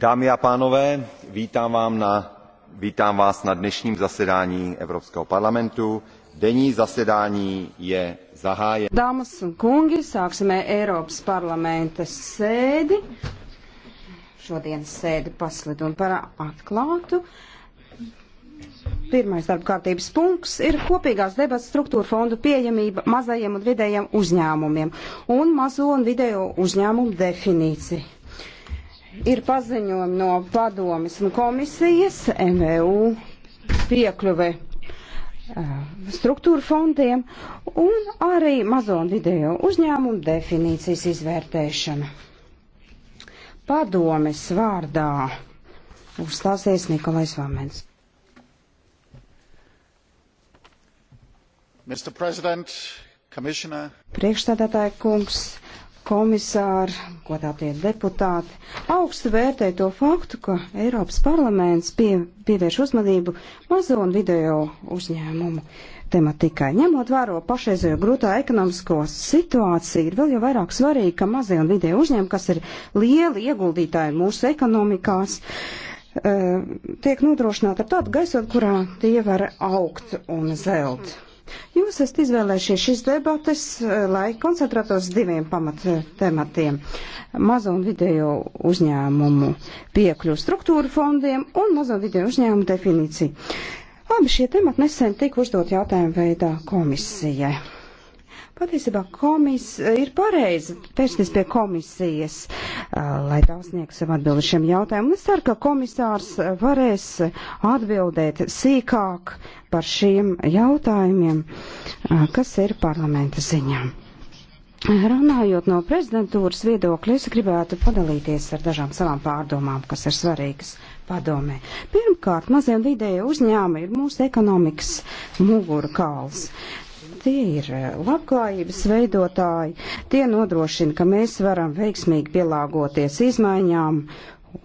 dámy a pánové vítám vás na dnešním zasedání evropského parlamentu denní zasedání je zahájeno. Dāmas un kungi, sāksimē Eiropas parlamenta sēdi. Šodien sēdi paslidinu par atklātu. Pirmais darba kārtības punkts ir kopīgās debats struktūra fondu pieejamība mazajiem un vidējiem uzņēmumiem un mazo un vidējo uzņēmumu definīcija. Ir paziņojumi no padomis un komisijas MVU piekļuve struktūra fondiem un arī mazo un video uzņēmumu definīcijas izvērtēšana. Padomes vārdā uzstāsies Nikolais Vamens. Priekšstādātāja kungs, komisāri, godātie deputāti, augstu vērtē to faktu, ka Eiropas parlaments pie, pievērš uzmanību mazo un video uzņēmumu tematikai. Ņemot vēro pašreizējo grūtā ekonomisko situāciju, ir vēl jau vairāk svarīgi, ka mazie un vidēji uzņēmumi, kas ir lieli ieguldītāji mūsu ekonomikās, eh, tiek nodrošināti ar tādu gaisot, kurā tie var augt un zelt. Jūs esat izvēlējušies šīs debates, eh, lai koncentrētos diviem pamattematiem eh, - mazo un vidējo uzņēmumu piekļu struktūru fondiem un mazo un vidējo uzņēmumu definīciju. Abi šie temati nesen tika uzdot jautājumu veidā komisijai. Patiesībā komis ir pareizi vērsties pie komisijas, lai tā sniegtu sev atbildi šiem jautājumiem. Es ceru, ka komisārs varēs atbildēt sīkāk par šiem jautājumiem, kas ir parlamenta ziņā. Runājot no prezidentūras viedokļa, es gribētu padalīties ar dažām savām pārdomām, kas ir svarīgas padomē. Pirmkārt, mazie un vidēji uzņēmumi ir mūsu ekonomikas mugurkauls. Tie ir eh, labklājības veidotāji, tie nodrošina, ka mēs varam veiksmīgi pielāgoties izmaiņām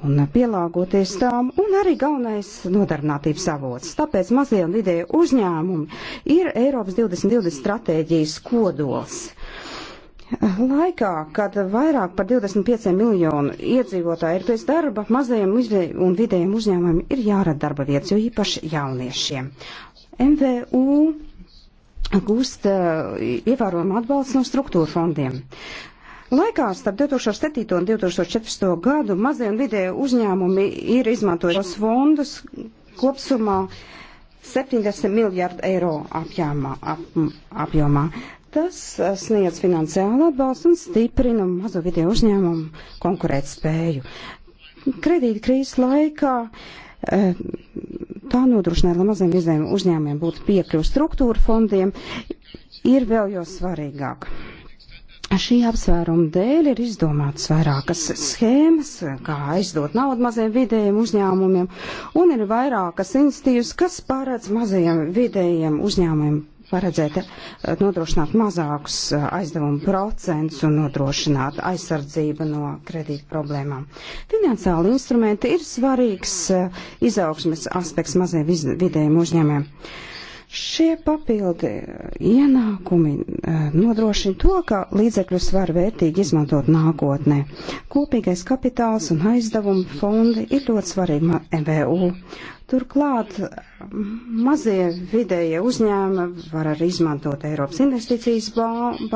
un pielāgoties tām, un arī galvenais nodarbinātības avots. Tāpēc mazie un vidēji uzņēmumi ir Eiropas 2020 stratēģijas kodols. Laikā, kad vairāk par 25 miljonu iedzīvotāju ir bez darba, mazajiem un vidējiem uzņēmumiem ir jārada darba vietas, jo īpaši jauniešiem. MVU gūst uh, ievērojumu atbalstu no struktūra fondiem. Laikā starp 2007 un 2014 gadu mazie un vidēji uzņēmumi ir izmantojušos fondus kopsumā 70 miljārdu eiro apjāmā, ap, apjomā. Tas sniedz finansiālu atbalstu un stiprina mazo vidēju uzņēmumu konkurētspēju. Kredītkrīzes laikā uh, Eh, tā nodrošināt, lai maziem izdevumiem uzņēmumiem būtu piekļuvi struktūra fondiem, ir vēl jau svarīgāk. Šī apsvēruma dēļ ir izdomātas vairākas schēmas, kā aizdot naudu maziem vidējiem uzņēmumiem, un ir vairākas institīvas, kas paredz mazajiem vidējiem uzņēmumiem paredzēt eh, nodrošināt mazākus eh, aizdevumu procentus un nodrošināt aizsardzību no kredīta problēmām. Finansiāli instrumenti ir svarīgs eh, izaugsmes aspekts maziem vidējiem uzņēmējiem. Šie papildi eh, ienākumi eh, nodrošina to, ka līdzekļus var vērtīgi izmantot nākotnē. Kopīgais kapitāls un aizdevuma fondi ir ļoti svarīgi MVU. Turklāt mm, mazie vidējie uzņēmumi var arī izmantot Eiropas investīcijas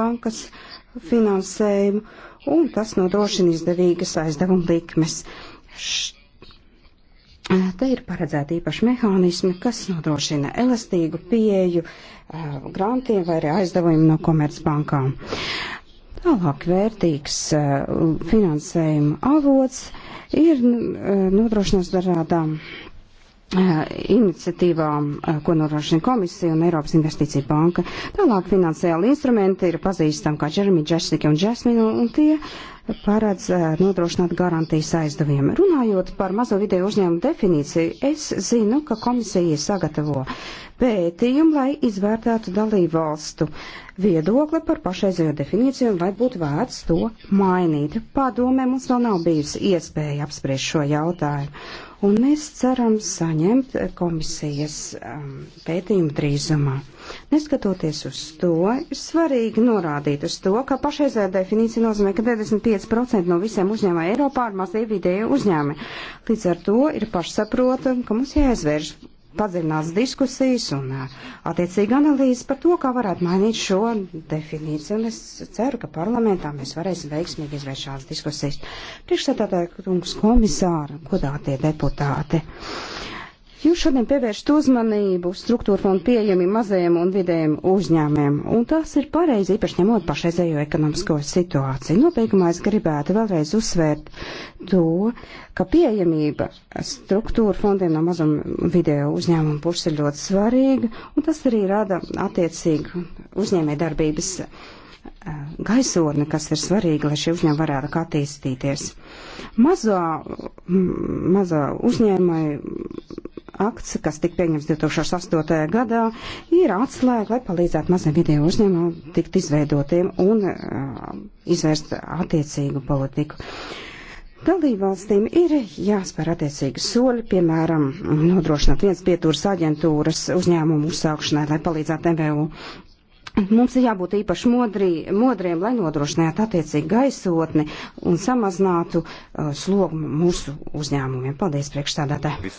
bankas finansējumu, un tas nodrošina izdevīgas aizdevuma likmes. Št Te ir paredzēti īpaši mehānismi, kas nodrošina elastīgu pieeju uh, grantiem vai arī aizdevumiem no komercbankām. Tālāk vērtīgs uh, finansējuma avots ir uh, eh, nodrošināts dažādām Eh, iniciatīvām, eh, ko nodrošina komisija un Eiropas investīcija banka. Tālāk finansiāli instrumenti ir pazīstami kā Jeremy, Jessica un Jasmine, un tie paredz eh, nodrošināt garantijas aizdeviem. Runājot par mazo video uzņēmumu definīciju, es zinu, ka komisija sagatavo pētījumu, lai izvērtētu dalību valstu viedokli par pašreizējo definīciju un vai būtu vērts to mainīt. Padomē mums vēl nav bijusi iespēja apspriest šo jautājumu un mēs ceram saņemt komisijas um, pētījumu drīzumā. Neskatoties uz to, ir svarīgi norādīt uz to, ka pašreizējā definīcija nozīmē, ka 95% no visiem uzņēmumiem Eiropā ir mazie vidēji uzņēmumi. Līdz ar to ir pašsaprotami, ka mums jāizvērš padziļināts diskusijas un attiecīgi analīzes par to, kā varētu mainīt šo definīciju. Un es ceru, ka parlamentā mēs varēsim veiksmīgi izvērst šādas diskusijas. Priekšstādātāja kungs komisāra, godātie deputāti. Uh, Jūs šodien pievēršat uzmanību struktūra fondu pieejami mazajiem un vidējiem uzņēmiem, un tas ir pareizi, īpaši ņemot pašreizējo ekonomisko situāciju. Nobeigumā es gribētu vēlreiz uzsvērt to, ka pieejamība struktūra fondiem no mazuma video uzņēmuma puses ir ļoti svarīga, un tas arī rada attiecīgu uzņēmē darbības gaisotne, kas ir svarīga, lai šie uzņēmumi varētu attīstīties. Mazā, mazā uzņēmai akts, kas tika pieņems 2008. gadā, ir atslēga, lai palīdzētu maziem video uzņēmumiem tikt izveidotiem un uh, izvērst attiecīgu politiku. Dalībvalstīm ir jāspēr attiecīgi soļi, piemēram, nodrošināt viens pietūras aģentūras uzņēmumu uzsākšanai, lai palīdzētu MVU. Mums ir jābūt īpaši modrī, modriem, lai nodrošinātu attiecīgi gaisotni un samazinātu uh, slogu mūsu uzņēmumiem. Paldies, priekšstādātāji!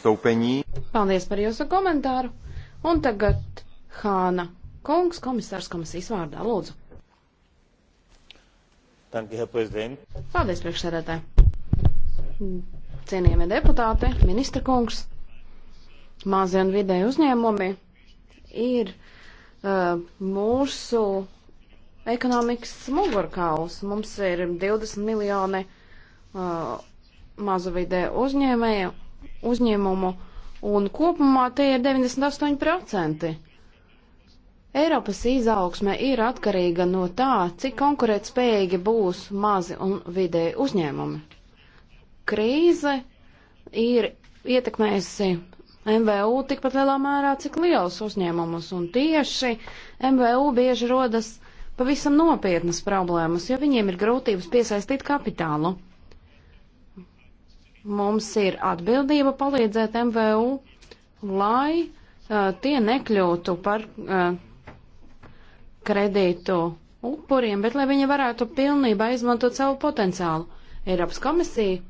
Paldies par jūsu komentāru! Un tagad Hāna Kungs, komisārs komisijas vārdā, lūdzu. You, Paldies, priekšsēdētāji! Cienījamie deputāti, ministra kungs, mazie un vidēji uzņēmumi ir Eh, mūsu ekonomikas mugurkauls. Mums ir 20 miljoni uh, eh, mazu vidē uzņēmēju, uzņēmumu, un kopumā tie ir 98%. Eiropas izaugsme ir atkarīga no tā, cik konkurētspējīgi būs mazi un vidēji uzņēmumi. Krīze ir ietekmējusi MVU tikpat lielā mērā, cik liels uzņēmumus, un tieši MVU bieži rodas pavisam nopietnas problēmas, jo viņiem ir grūtības piesaistīt kapitālu. Mums ir atbildība palīdzēt MVU, lai uh, tie nekļūtu par uh, kredītu upuriem, bet lai viņi varētu pilnībā izmantot savu potenciālu. Eiropas komisija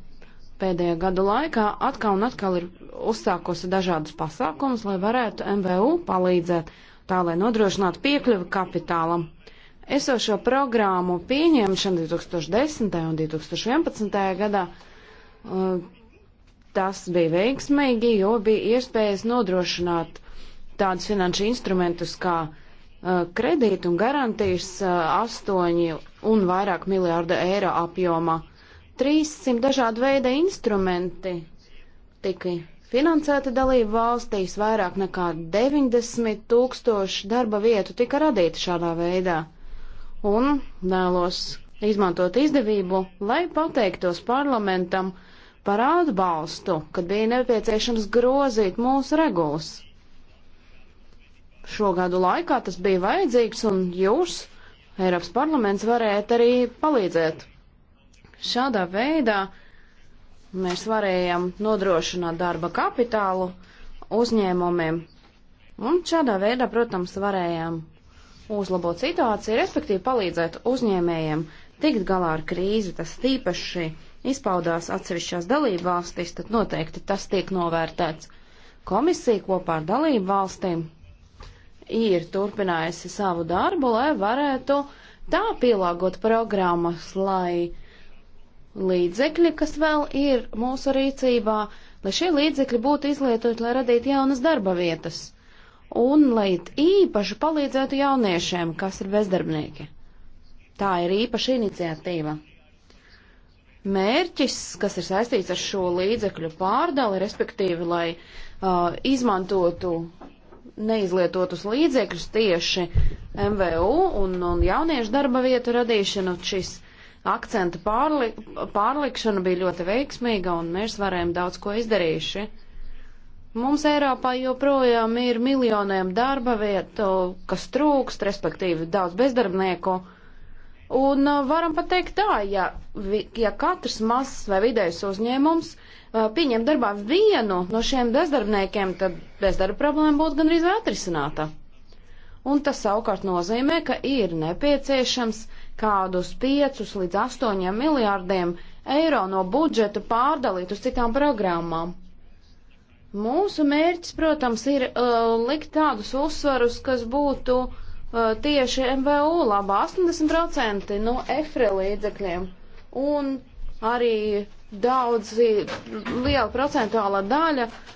pēdējā gada laikā atkal un atkal ir uzsākusi dažādus pasākumus, lai varētu MVU palīdzēt, tā lai nodrošinātu piekļuvi kapitālam. Esošo programmu pieņemšana 2010. un 2011. gadā eh, tas bija veiksmīgi, jo bija iespējas nodrošināt tādus finanšu instrumentus kā eh, kredītu un garantijas eh, astoņi un vairāk miljārdu eiro apjomā. 300 dažādu veidu instrumenti tika finansēti dalību valstīs, vairāk nekā 90 tūkstoši darba vietu tika radīti šādā veidā. Un vēlos izmantot izdevību, lai pateiktos parlamentam par atbalstu, kad bija nepieciešams grozīt mūsu regulas. Šogadu laikā tas bija vajadzīgs, un jūs, Eiropas parlaments, varētu arī palīdzēt Šādā veidā mēs varējām nodrošināt darba kapitālu uzņēmumiem, un šādā veidā, protams, varējām uzlabot situāciju, respektīvi palīdzēt uzņēmējiem tikt galā ar krīzi, tas tīpaši izpaudās atsevišķās dalību valstīs, tad noteikti tas tiek novērtēts. Komisija kopā ar dalību valstīm ir turpinājusi savu darbu, lai varētu tā pielāgot programmas, lai līdzekļi, kas vēl ir mūsu rīcībā, lai šie līdzekļi būtu izlietoti, lai radītu jaunas darba vietas un lai īpaši palīdzētu jauniešiem, kas ir bezdarbnieki. Tā ir īpaša iniciatīva. Mērķis, kas ir saistīts ar šo līdzekļu pārdali, respektīvi, lai uh, izmantotu neizlietotus līdzekļus tieši MVU un, un jauniešu darba vietu radīšanu, šis uh, akcentu pārli pārlikšana bija ļoti veiksmīga un mēs varējām daudz ko izdarījuši. Mums Eiropā joprojām ir miljoniem darba vietu, kas trūkst, respektīvi daudz bezdarbnieku. Un uh, varam pat teikt tā, ja, ja katrs mazs vai vidējs uzņēmums uh, pieņem darbā vienu no šiem bezdarbniekiem, tad bezdarba problēma būtu gandrīz atrisināta. Un tas savukārt nozīmē, ka ir nepieciešams uh, kādus 5 līdz 8 miljārdiem eiro no budžeta pārdalīt uz citām programmām. Mūsu mērķis, protams, ir uh, likt tādus uzsvarus, kas būtu uh, tieši MVU labā 80% no EFRE līdzekļiem un arī daudz liela procentuāla daļa uh,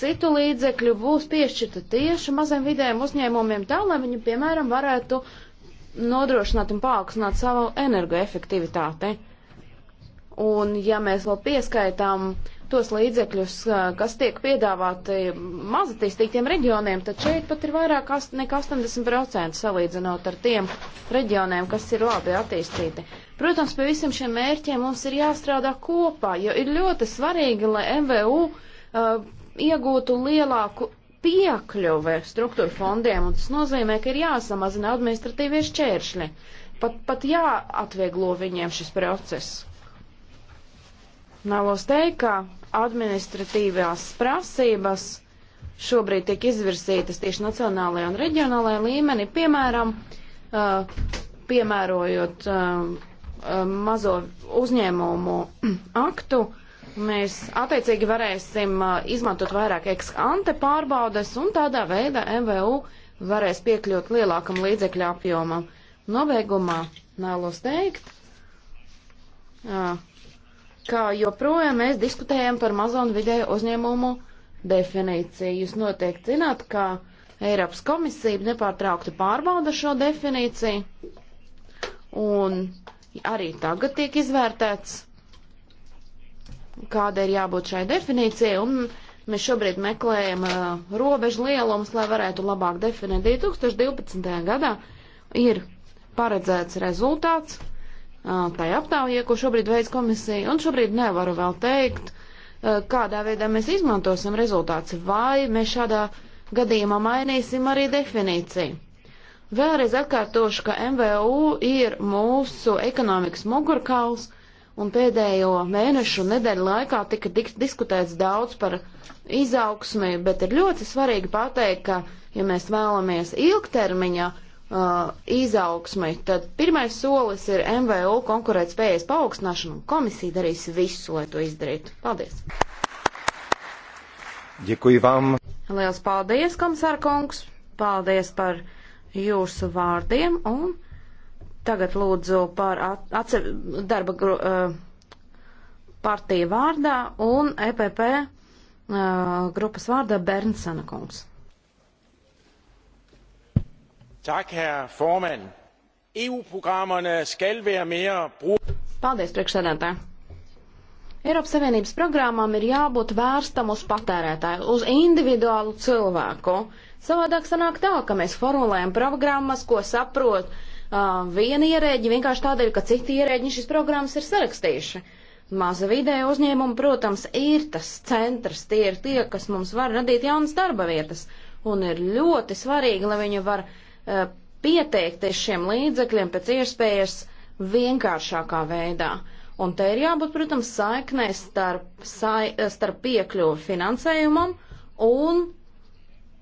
citu līdzekļu būs piešķirta tieši maziem vidējiem uzņēmumiem tā, lai viņi, piemēram, varētu uh, nodrošināt un paaugstināt savu energoefektivitāti. Un ja mēs vēl pieskaitām tos līdzekļus, kas tiek piedāvāti mazatīstītiem reģioniem, tad šeit pat ir vairāk nekā 80% salīdzinot ar tiem reģioniem, kas ir labi attīstīti. Protams, pie visiem šiem mērķiem mums ir jāstrādā kopā, jo ir ļoti svarīgi, lai MVU uh, iegūtu lielāku piekļuve struktūra fondiem, un tas nozīmē, ka ir jāsamazina administratīvie šķēršļi. Pat, pat jāatvieglo viņiem šis process. Nālos teikt, ka administratīvās prasības šobrīd tiek izvirsītas tieši nacionālajā un reģionālajā līmenī, piemēram, uh, piemērojot uh, uh mazo uzņēmumu aktu, uh, mēs attiecīgi varēsim uh, izmantot vairāk ex-ante pārbaudes un tādā veidā MVU varēs piekļūt lielākam līdzekļu apjomam. Nobeigumā nālos teikt, uh, ka joprojām mēs diskutējam par mazo un vidēju uzņēmumu definīciju. Jūs noteikti zināt, ka Eiropas komisija nepārtraukti pārbauda šo definīciju, un arī tagad tiek izvērtēts, kāda ir jābūt šai definīcijai, un mēs šobrīd meklējam uh, robežu lielumus, lai varētu labāk definēt. 2012. gadā ir paredzēts rezultāts uh, tai aptaujai, ko šobrīd veids komisija, un šobrīd nevaru vēl teikt, uh, kādā veidā mēs izmantosim rezultāts, vai mēs šādā gadījumā mainīsim arī definīciju. Vēlreiz atkārtošu, ka MVU ir mūsu ekonomikas mugurkauls, uh, un pēdējo mēnešu un nedēļu laikā tika diskutēts daudz par izaugsmi, bet ir ļoti svarīgi pateikt, ka, ja mēs vēlamies ilgtermiņa uh, izaugsmi, tad pirmais solis ir MVU konkurētspējas paaugstināšana, un komisija darīs visu, lai to izdarītu. Paldies! Dziekuji vam! Liels paldies, komisār kungs! Paldies par jūsu vārdiem un Tagad lūdzu par atsev, darba gru, eh, partiju vārdā un EPP eh, grupas vārdā Berntsana kungs. Tak, herr formand. EU-programmerne skal være mere brug... Paldies, priekšsēdētāji. Eiropas Savienības programmām ir jābūt vērstam uz patērētāju, uz individuālu cilvēku. Savādāk sanāk tā, ka mēs formulējam programmas, ko saprot viena ierēģi vienkārši tādēļ, ka citi ierēģi šīs programmas ir sarakstījuši. Maza vidēja uzņēmuma, protams, ir tas centrs, tie ir tie, kas mums var radīt jaunas darba vietas, un ir ļoti svarīgi, lai viņi var uh, pieteikties šiem līdzekļiem pēc iespējas vienkāršākā veidā. Un te ir jābūt, protams, saiknē starp, sai, starp piekļuvu finansējumam un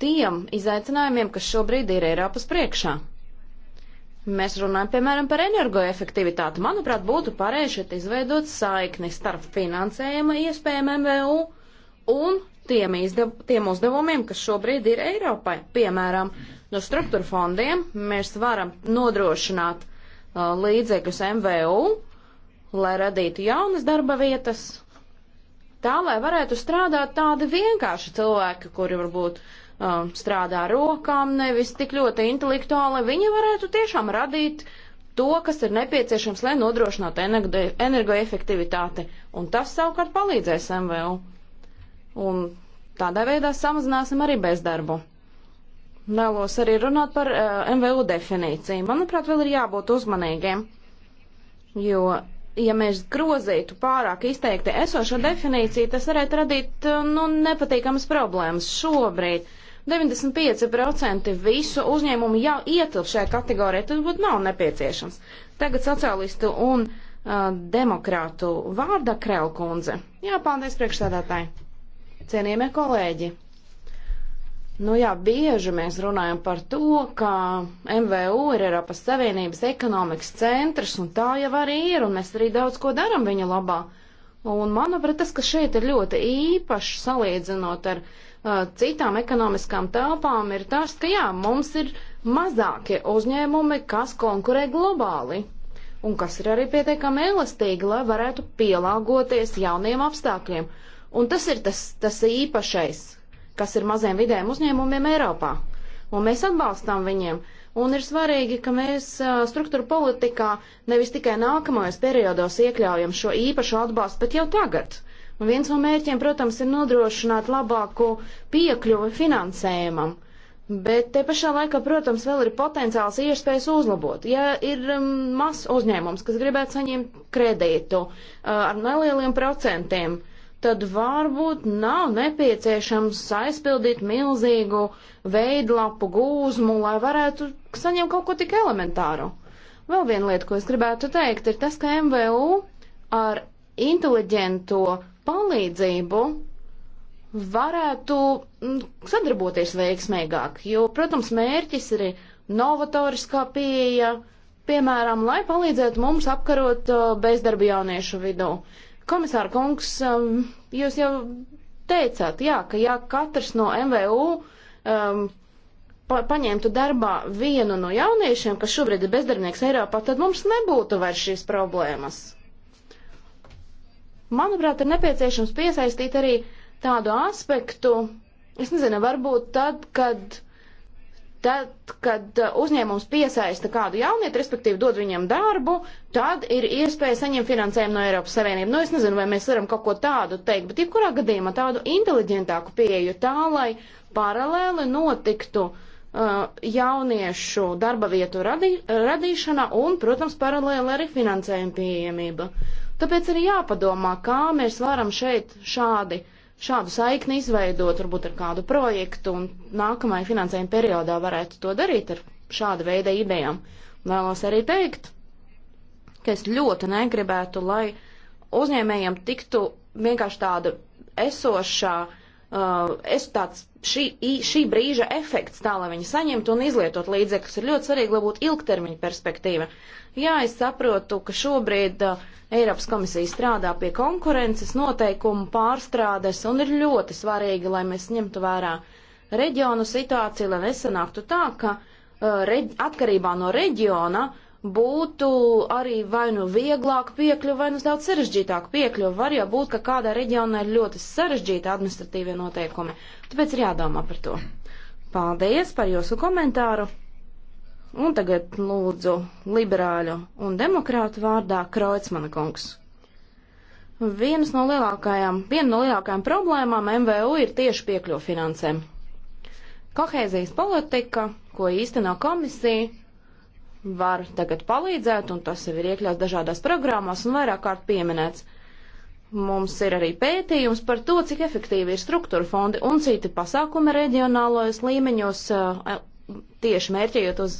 tiem izaicinājumiem, kas šobrīd ir Eiropas priekšā. Mēs runājam, piemēram, par energoefektivitāti. Manuprāt, būtu pareizi šeit izveidot saikni starp finansējuma iespējām MVU un tiem, izdev, tiem uzdevumiem, kas šobrīd ir Eiropai. Piemēram, no struktūra fondiem mēs varam nodrošināt uh, līdzekļus MVU, lai radītu jaunas darba vietas, tā lai varētu strādāt tādi vienkārši cilvēki, kuri varbūt uh, um, strādā ar rokām, nevis tik ļoti intelektuāli, viņi varētu tiešām radīt to, kas ir nepieciešams, lai nodrošinātu energoefektivitāti. Un tas savukārt palīdzēs MVU. Un tādā veidā samazināsim arī bezdarbu. Vēlos arī runāt par uh, MVU definīciju. Manuprāt, vēl ir jābūt uzmanīgiem, jo, ja mēs grozītu pārāk izteikti esošo definīciju, tas varētu radīt uh, nu, nepatīkamas problēmas šobrīd. Uh, 95% visu uzņēmumu jau ietilp šajā kategorijā, tad būtu nav nepieciešams. Tagad sociālistu un uh, demokrātu vārda Krelkundze. Jā, paldies priekšstādātāji. Cienījamie kolēģi. Nu jā, bieži mēs runājam par to, ka MVU ir Eiropas Savienības ekonomikas centrs, un tā jau arī ir, un mēs arī daudz ko daram viņa labā. Un, manuprāt, tas, kas šeit ir ļoti īpašs, salīdzinot ar uh, citām ekonomiskām telpām ir tas, ka jā, mums ir mazākie uzņēmumi, kas konkurē globāli un kas ir arī pietiekami elastīgi, lai varētu pielāgoties jauniem apstākļiem. Un tas ir tas, tas īpašais, kas ir maziem vidējiem uzņēmumiem Eiropā. Un mēs atbalstām viņiem. Un ir svarīgi, ka mēs struktūra politikā nevis tikai nākamajos periodos iekļaujam šo īpašo atbalstu, bet jau tagad. Uh, Un viens no mērķiem, protams, ir nodrošināt labāku piekļuvi finansējumam. Bet te pašā laikā, protams, vēl ir potenciāls iespējas uzlabot. Ja ir um, mazs uzņēmums, kas gribētu saņemt kredītu uh, ar nelieliem procentiem, tad varbūt nav nepieciešams aizpildīt milzīgu veidlapu gūzmu, lai varētu saņemt kaut ko tik elementāru. Vēl viena lieta, ko es gribētu teikt, ir tas, ka MVU ar inteliģento palīdzību varētu mm, sadarboties veiksmīgāk, jo, protams, mērķis ir novatoriskā pieeja, piemēram, lai palīdzētu mums apkarot uh, bezdarbu jauniešu vidū. Komisāra kungs, um, jūs jau teicāt, jā, ka jā, katrs no MVU um, pa paņemtu darbā vienu no jauniešiem, kas šobrīd ir bezdarbnieks Eiropā, tad mums nebūtu vairs šīs problēmas. Manuprāt, ir nepieciešams piesaistīt arī tādu aspektu, es nezinu, varbūt tad, kad, tad, kad uh, uzņēmums piesaista kādu jaunieti, respektīvi dod viņam darbu, tad ir iespēja saņemt finansējumu no Eiropas Savienības. Nu, es nezinu, vai mēs varam kaut ko tādu teikt, bet jebkurā gadījumā tādu inteliģentāku pieeju tā, lai paralēli notiktu uh, jauniešu darba vietu radī, radīšana un, protams, paralēli arī finansējuma pieejamība. Tāpēc ir jāpadomā, kā mēs varam šeit šādi, šādu saikni izveidot, varbūt ar kādu projektu, un nākamajā finansējuma periodā varētu to darīt ar šāda veida idejām. Vēlos arī teikt, ka es ļoti negribētu, lai uzņēmējiem tiktu vienkārši tāda esošā uh, Uh, es tāds šī, šī brīža efekts tā, lai viņi saņemtu un izlietot līdzekļus, ir ļoti svarīgi, lai būtu ilgtermiņa perspektīva. Jā, es saprotu, ka šobrīd uh, Eiropas komisija strādā pie konkurences noteikumu pārstrādes un ir ļoti svarīgi, lai mēs ņemtu vērā reģionu situāciju, lai nesanāktu tā, ka uh, reģ, atkarībā no reģiona uh, būtu arī vai nu vieglāk piekļuva, vai nu daudz sarežģītāk piekļuva. Var jau būt, ka kādā reģionā ir ļoti sarežģīta administratīvie noteikumi. Tāpēc ir jādomā par to. Paldies par jūsu komentāru. Un tagad lūdzu liberāļu un demokrātu vārdā Kreutzmana kungs. Vienas no lielākajām, viena no lielākajām problēmām MVU ir tieši piekļuva finansēm. Kohēzijas politika, ko īsteno komisija, var tagad palīdzēt, un tas jau ir iekļauts dažādās programmās un vairāk kārt pieminēts. Mums ir arī pētījums par to, cik efektīvi ir struktūra fondi un citi pasākumi reģionālojas līmeņos, eh, tieši mērķējot uz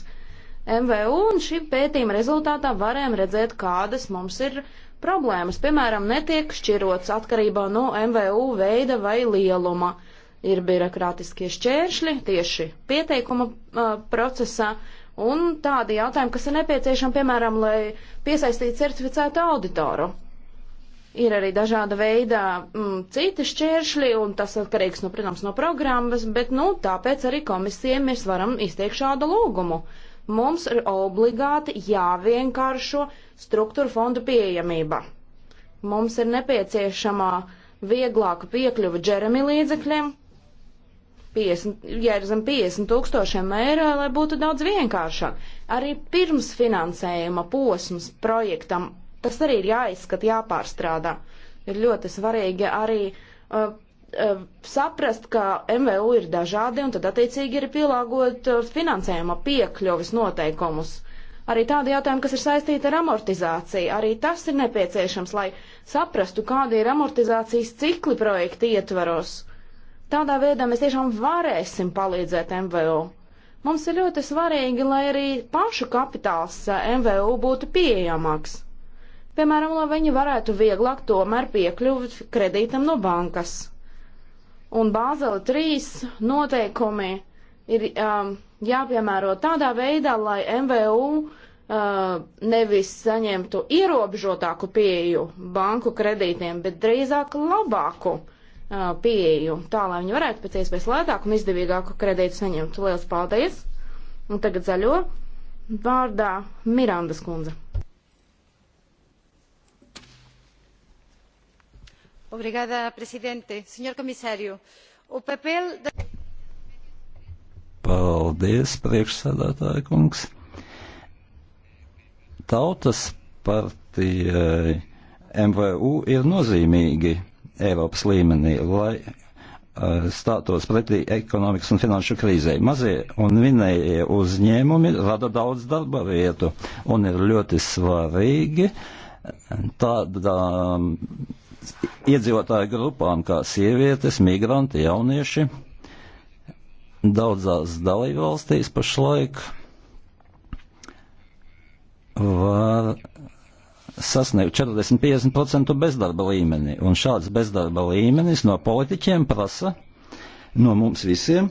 MVU, un šī pētījuma rezultātā varējām redzēt, kādas mums ir problēmas. Piemēram, netiek šķirots atkarībā no MVU veida vai lieluma. Ir birokrātiskie šķēršļi tieši pieteikuma uh, procesā, uh, un tādi jautājumi, kas ir nepieciešami, piemēram, lai piesaistītu certificētu auditoru. Ir arī dažāda veida m, mm, citi šķēršļi, un tas atkarīgs, nu, protams, no programmas, bet, nu, tāpēc arī komisijai mēs varam izteikt šādu lūgumu. Mums ir obligāti jāvienkāršo struktūra fondu pieejamība. Mums ir nepieciešama vieglāka piekļuva džeremi līdzekļiem, 50, ja ir zem 50 tūkstošiem eiro, lai būtu daudz vienkāršāk. Arī pirms finansējuma posms projektam tas arī ir jāizskata, jāpārstrādā. Ir ļoti svarīgi arī uh, uh, saprast, ka MVU ir dažādi un tad attiecīgi ir pielāgot uh, finansējuma piekļuvis noteikumus. Arī tādi jautājumi, kas ir saistīti ar amortizāciju, arī tas ir nepieciešams, lai saprastu, kādi ir amortizācijas cikli projekta ietvaros. Uh, Tādā veidā mēs tiešām varēsim palīdzēt MVU. Mums ir ļoti svarīgi, lai arī pašu kapitāls eh, MVU būtu pieejamāks. Piemēram, lai viņi varētu vieglāk tomēr piekļuvi kredītam no bankas. Un Bāzela 3 noteikumi ir um, jāpiemēro tādā veidā, lai MVU uh, nevis saņemtu ierobežotāku pieju banku kredītiem, bet drīzāk labāku pieeju tā, lai viņi varētu pēc iespējas lētāku un izdevīgāku kredītu saņemt. Lielas paldies! Un tagad zaļo vārdā Mirandas kundze. Obrigada, presidente. Senhor comissário, o papel da... Paldies, priekšsādātāja kungs. Tautas partijai MVU ir nozīmīgi Eiropas līmenī, lai eh, stātos pretī ekonomikas un finanšu krīzei. Mazie un vinējie uzņēmumi rada daudz darba vietu un ir ļoti svarīgi tādām iedzīvotāju grupām kā sievietes, migranti, jaunieši. Daudzās dalībvalstīs pašlaik var sasniegt 40-50% bezdarba līmeni, un šāds bezdarba līmenis no politiķiem prasa no mums visiem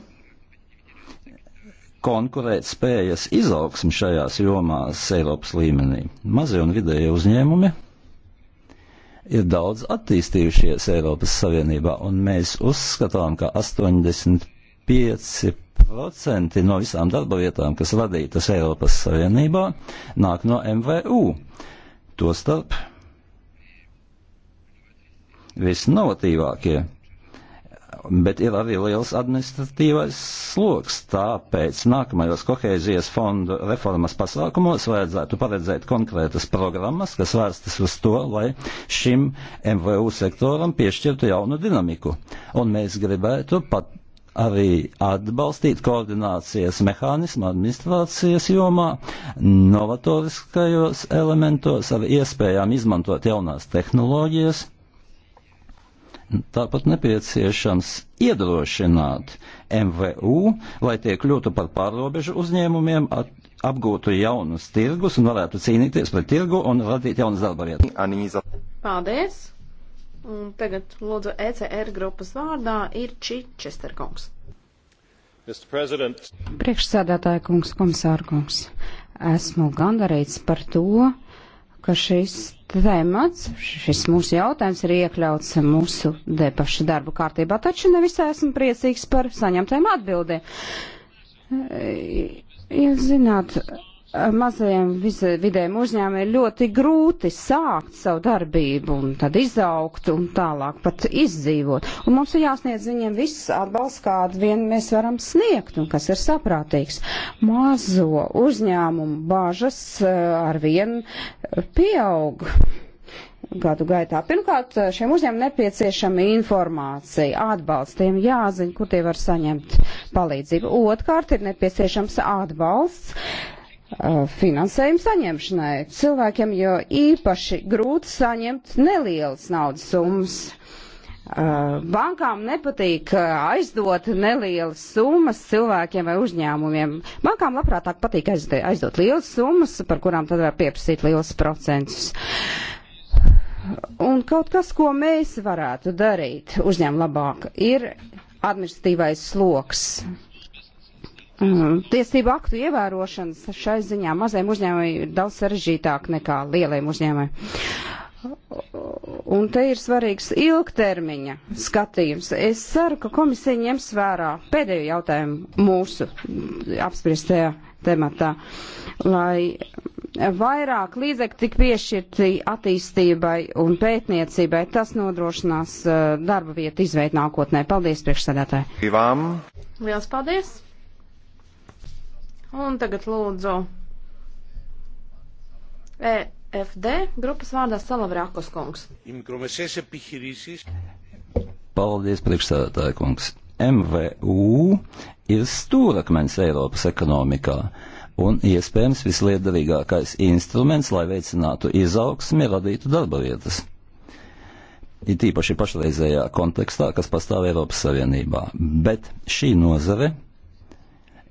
konkurēt spējas izaugsmi šajās jomās Eiropas līmenī. Mazie un vidēji uzņēmumi ir daudz attīstījušies Eiropas Savienībā, un mēs uzskatām, ka 85% no visām darba vietām, kas radītas Eiropas Savienībā, nāk no MVU. Tostarp visnovatīvākie, bet ir arī liels administratīvais sloks. Tāpēc nākamajos kohēzijas fondu reformas pasākumos vajadzētu paredzēt konkrētas programmas, kas vērstas uz to, lai šim MVU sektoram piešķirtu jaunu dinamiku. Un mēs gribētu pat arī atbalstīt koordinācijas mehānismu administrācijas jomā, novatoriskajos elementos ar iespējām izmantot jaunās tehnoloģijas. Tāpat nepieciešams iedrošināt MVU, lai tie kļūtu par pārobežu uzņēmumiem, at, apgūtu jaunus tirgus un varētu cīnīties pret tirgu un radīt jaunas darba vietas. Paldies! Un tagad, lūdzu, ECR grupas vārdā ir Čičester kungs. Priekšsēdētāja kungs, komisāra kungs, esmu gandarīts par to, ka šis temats, šis mūsu jautājums ir iekļauts mūsu debašu darba kārtībā, taču nevisai esmu priecīgs par saņemtajām atbildēm. Jūs ja zināt, mazajiem vidējiem uzņēmumiem ir ļoti grūti sākt savu darbību un tad izaugt un tālāk pat izdzīvot. Un mums ir jāsniedz viņiem viss atbalsts, kādu vien mēs varam sniegt un kas ir saprātīgs. Mazo uzņēmumu bāžas eh, ar vienu pieaug. Gadu gaitā. Pirmkārt, šiem uzņēmumiem nepieciešama informācija, atbalstiem jāzina, kur tie var saņemt palīdzību. Otkārt, ir nepieciešams atbalsts, uh, Uh, finansējumu saņemšanai. Cilvēkiem jau īpaši grūti saņemt nelielas naudas summas. Uh, bankām nepatīk uh, aizdot nelielas summas cilvēkiem vai uzņēmumiem. Bankām labprātāk patīk aizdot lielas summas, par kurām tad var pieprasīt liels procentus. Un kaut kas, ko mēs varētu darīt uzņēmumu labāk, ir administratīvais sloks Mm, tiesību aktu ievērošanas šai ziņā mazajiem uzņēmumiem ir daudz sarežģītāk nekā lielajiem uzņēmumiem. Un te ir svarīgs ilgtermiņa skatījums. Es ceru, ka komisija ņems vērā pēdējo jautājumu mūsu apspriestajā tematā, lai vairāk līdzekļu tik piešķirti attīstībai un pētniecībai. Tas nodrošinās uh, darba vietu izveidu nākotnē. Paldies, priekšsēdētāji! Liels paldies! Un tagad lūdzu EFD grupas vārdā Salavrākos kungs. Paldies, priekšstādātāja kungs. MVU ir stūrakmens Eiropas ekonomikā un iespējams visliederīgākais instruments, lai veicinātu izaugsmi, radītu darba vietas. Ir tīpaši pašreizējā kontekstā, kas pastāv Eiropas Savienībā. Bet šī nozare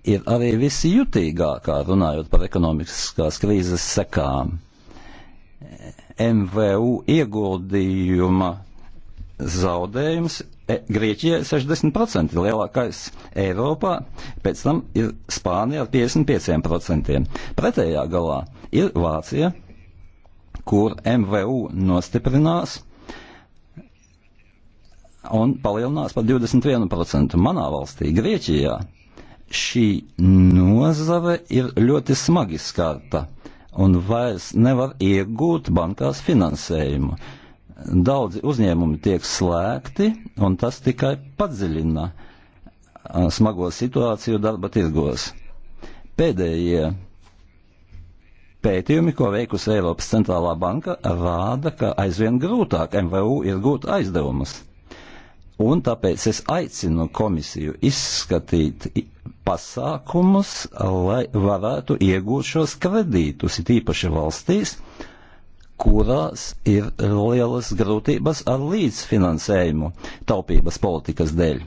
ir arī visi jutīgākā runājot par ekonomiskās krīzes sekām. MVU ieguldījuma zaudējums e, Grieķijai 60% ir lielākais Eiropā, pēc tam ir Spānija ar 55%. Pretējā galā ir Vācija, kur MVU nostiprinās un palielinās par 21%. Manā valstī, Grieķijā, šī nozare ir ļoti smagi skarta un vairs nevar iegūt bankās finansējumu. Daudzi uzņēmumi tiek slēgti, un tas tikai padziļina smago situāciju darba tirgos. Pēdējie pētījumi, ko veikusi Eiropas centrālā banka, rāda, ka aizvien grūtāk MVU ir gūt aizdevumus. Un tāpēc es aicinu komisiju izskatīt pasākumus, lai varētu iegūt šos kredītus, it īpaši valstīs, kurās ir lielas grūtības ar līdzfinansējumu taupības politikas dēļ.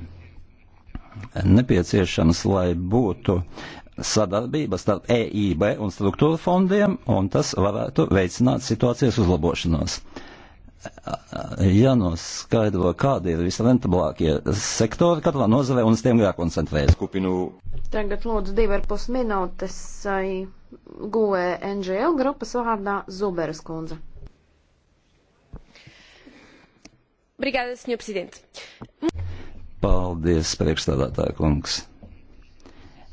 Nepieciešams, lai būtu sadarbība starp EIB un struktūra fondiem, un tas varētu veicināt situācijas uzlabošanos jānoskaidro, kādi ir visrentablākie sektori katrā nozarē un uz tiem jākoncentrējas. Kupinu. Tagad lūdzu divi ar pus minūtes guvē e NGL grupas vārdā Zuberas kundze. Brigādes, ņu prezidents. Paldies, priekšstādātā kungs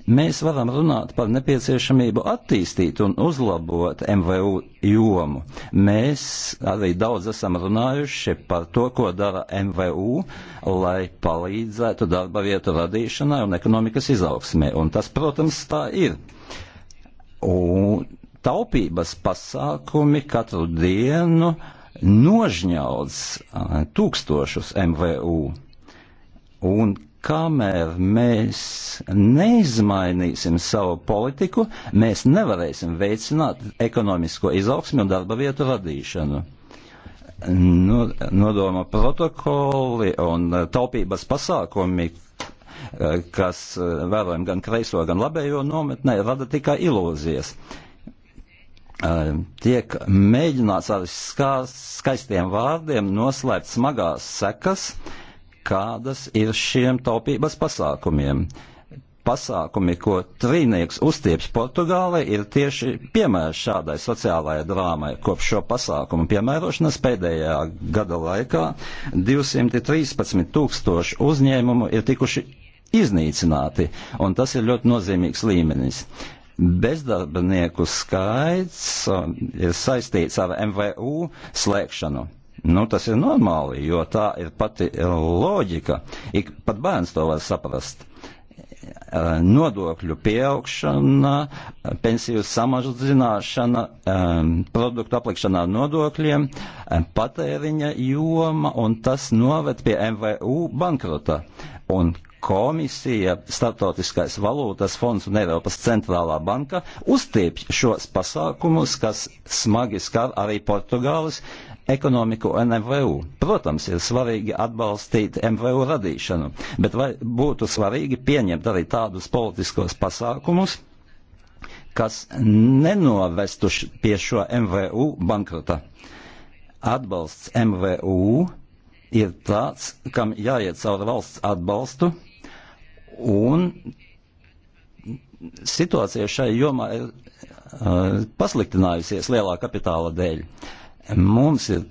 mēs varam runāt par nepieciešamību attīstīt un uzlabot MVU jomu. Mēs arī daudz esam runājuši par to, ko dara MVU, lai palīdzētu darba vietu radīšanai un ekonomikas izaugsmē. Un tas, protams, tā ir. Un taupības pasākumi katru dienu nožņauds tūkstošus MVU. Un kamēr mēs neizmainīsim savu politiku, mēs nevarēsim veicināt ekonomisko izaugsmi un darba vietu radīšanu. Nu, nodoma protokoli un eh, taupības pasākumi, eh, kas eh, vērojam gan kreiso, gan labējo nometnē, rada tikai ilūzijas. Tiek mēģināts ar skaistiem vārdiem noslēpt smagās sekas, uh, kādas ir šiem taupības pasākumiem. Pasākumi, ko trīnieks uzstieps Portugālei, ir tieši piemērs šādai sociālajai drāmai. Kopš šo pasākumu piemērošanas pēdējā gada laikā 213 tūkstoši uzņēmumu ir tikuši iznīcināti, un tas ir ļoti nozīmīgs līmenis. Bezdarbnieku skaits um, ir saistīts ar MVU slēgšanu. Nu, tas ir normāli, jo tā ir pati loģika. Ik pat bērns to var saprast eh, nodokļu pieaugšana, pensiju samazināšana, eh, produktu aplikšanā ar nodokļiem, eh, patēriņa joma, un tas noved pie MVU bankrota. Un komisija, Startautiskais valūtas fonds un Eiropas centrālā banka uztiepj šos pasākumus, kas smagi skar arī Portugāles ekonomiku un MVU. Protams, ir svarīgi atbalstīt MVU radīšanu, bet vai būtu svarīgi pieņemt arī tādus politiskos pasākumus, kas nenovestu pie šo MVU bankrota. Atbalsts MVU ir tāds, kam jāiet cauri valsts atbalstu, un situācija šai jomā ir uh, pasliktinājusies lielā kapitāla dēļ. Uh, Mums ir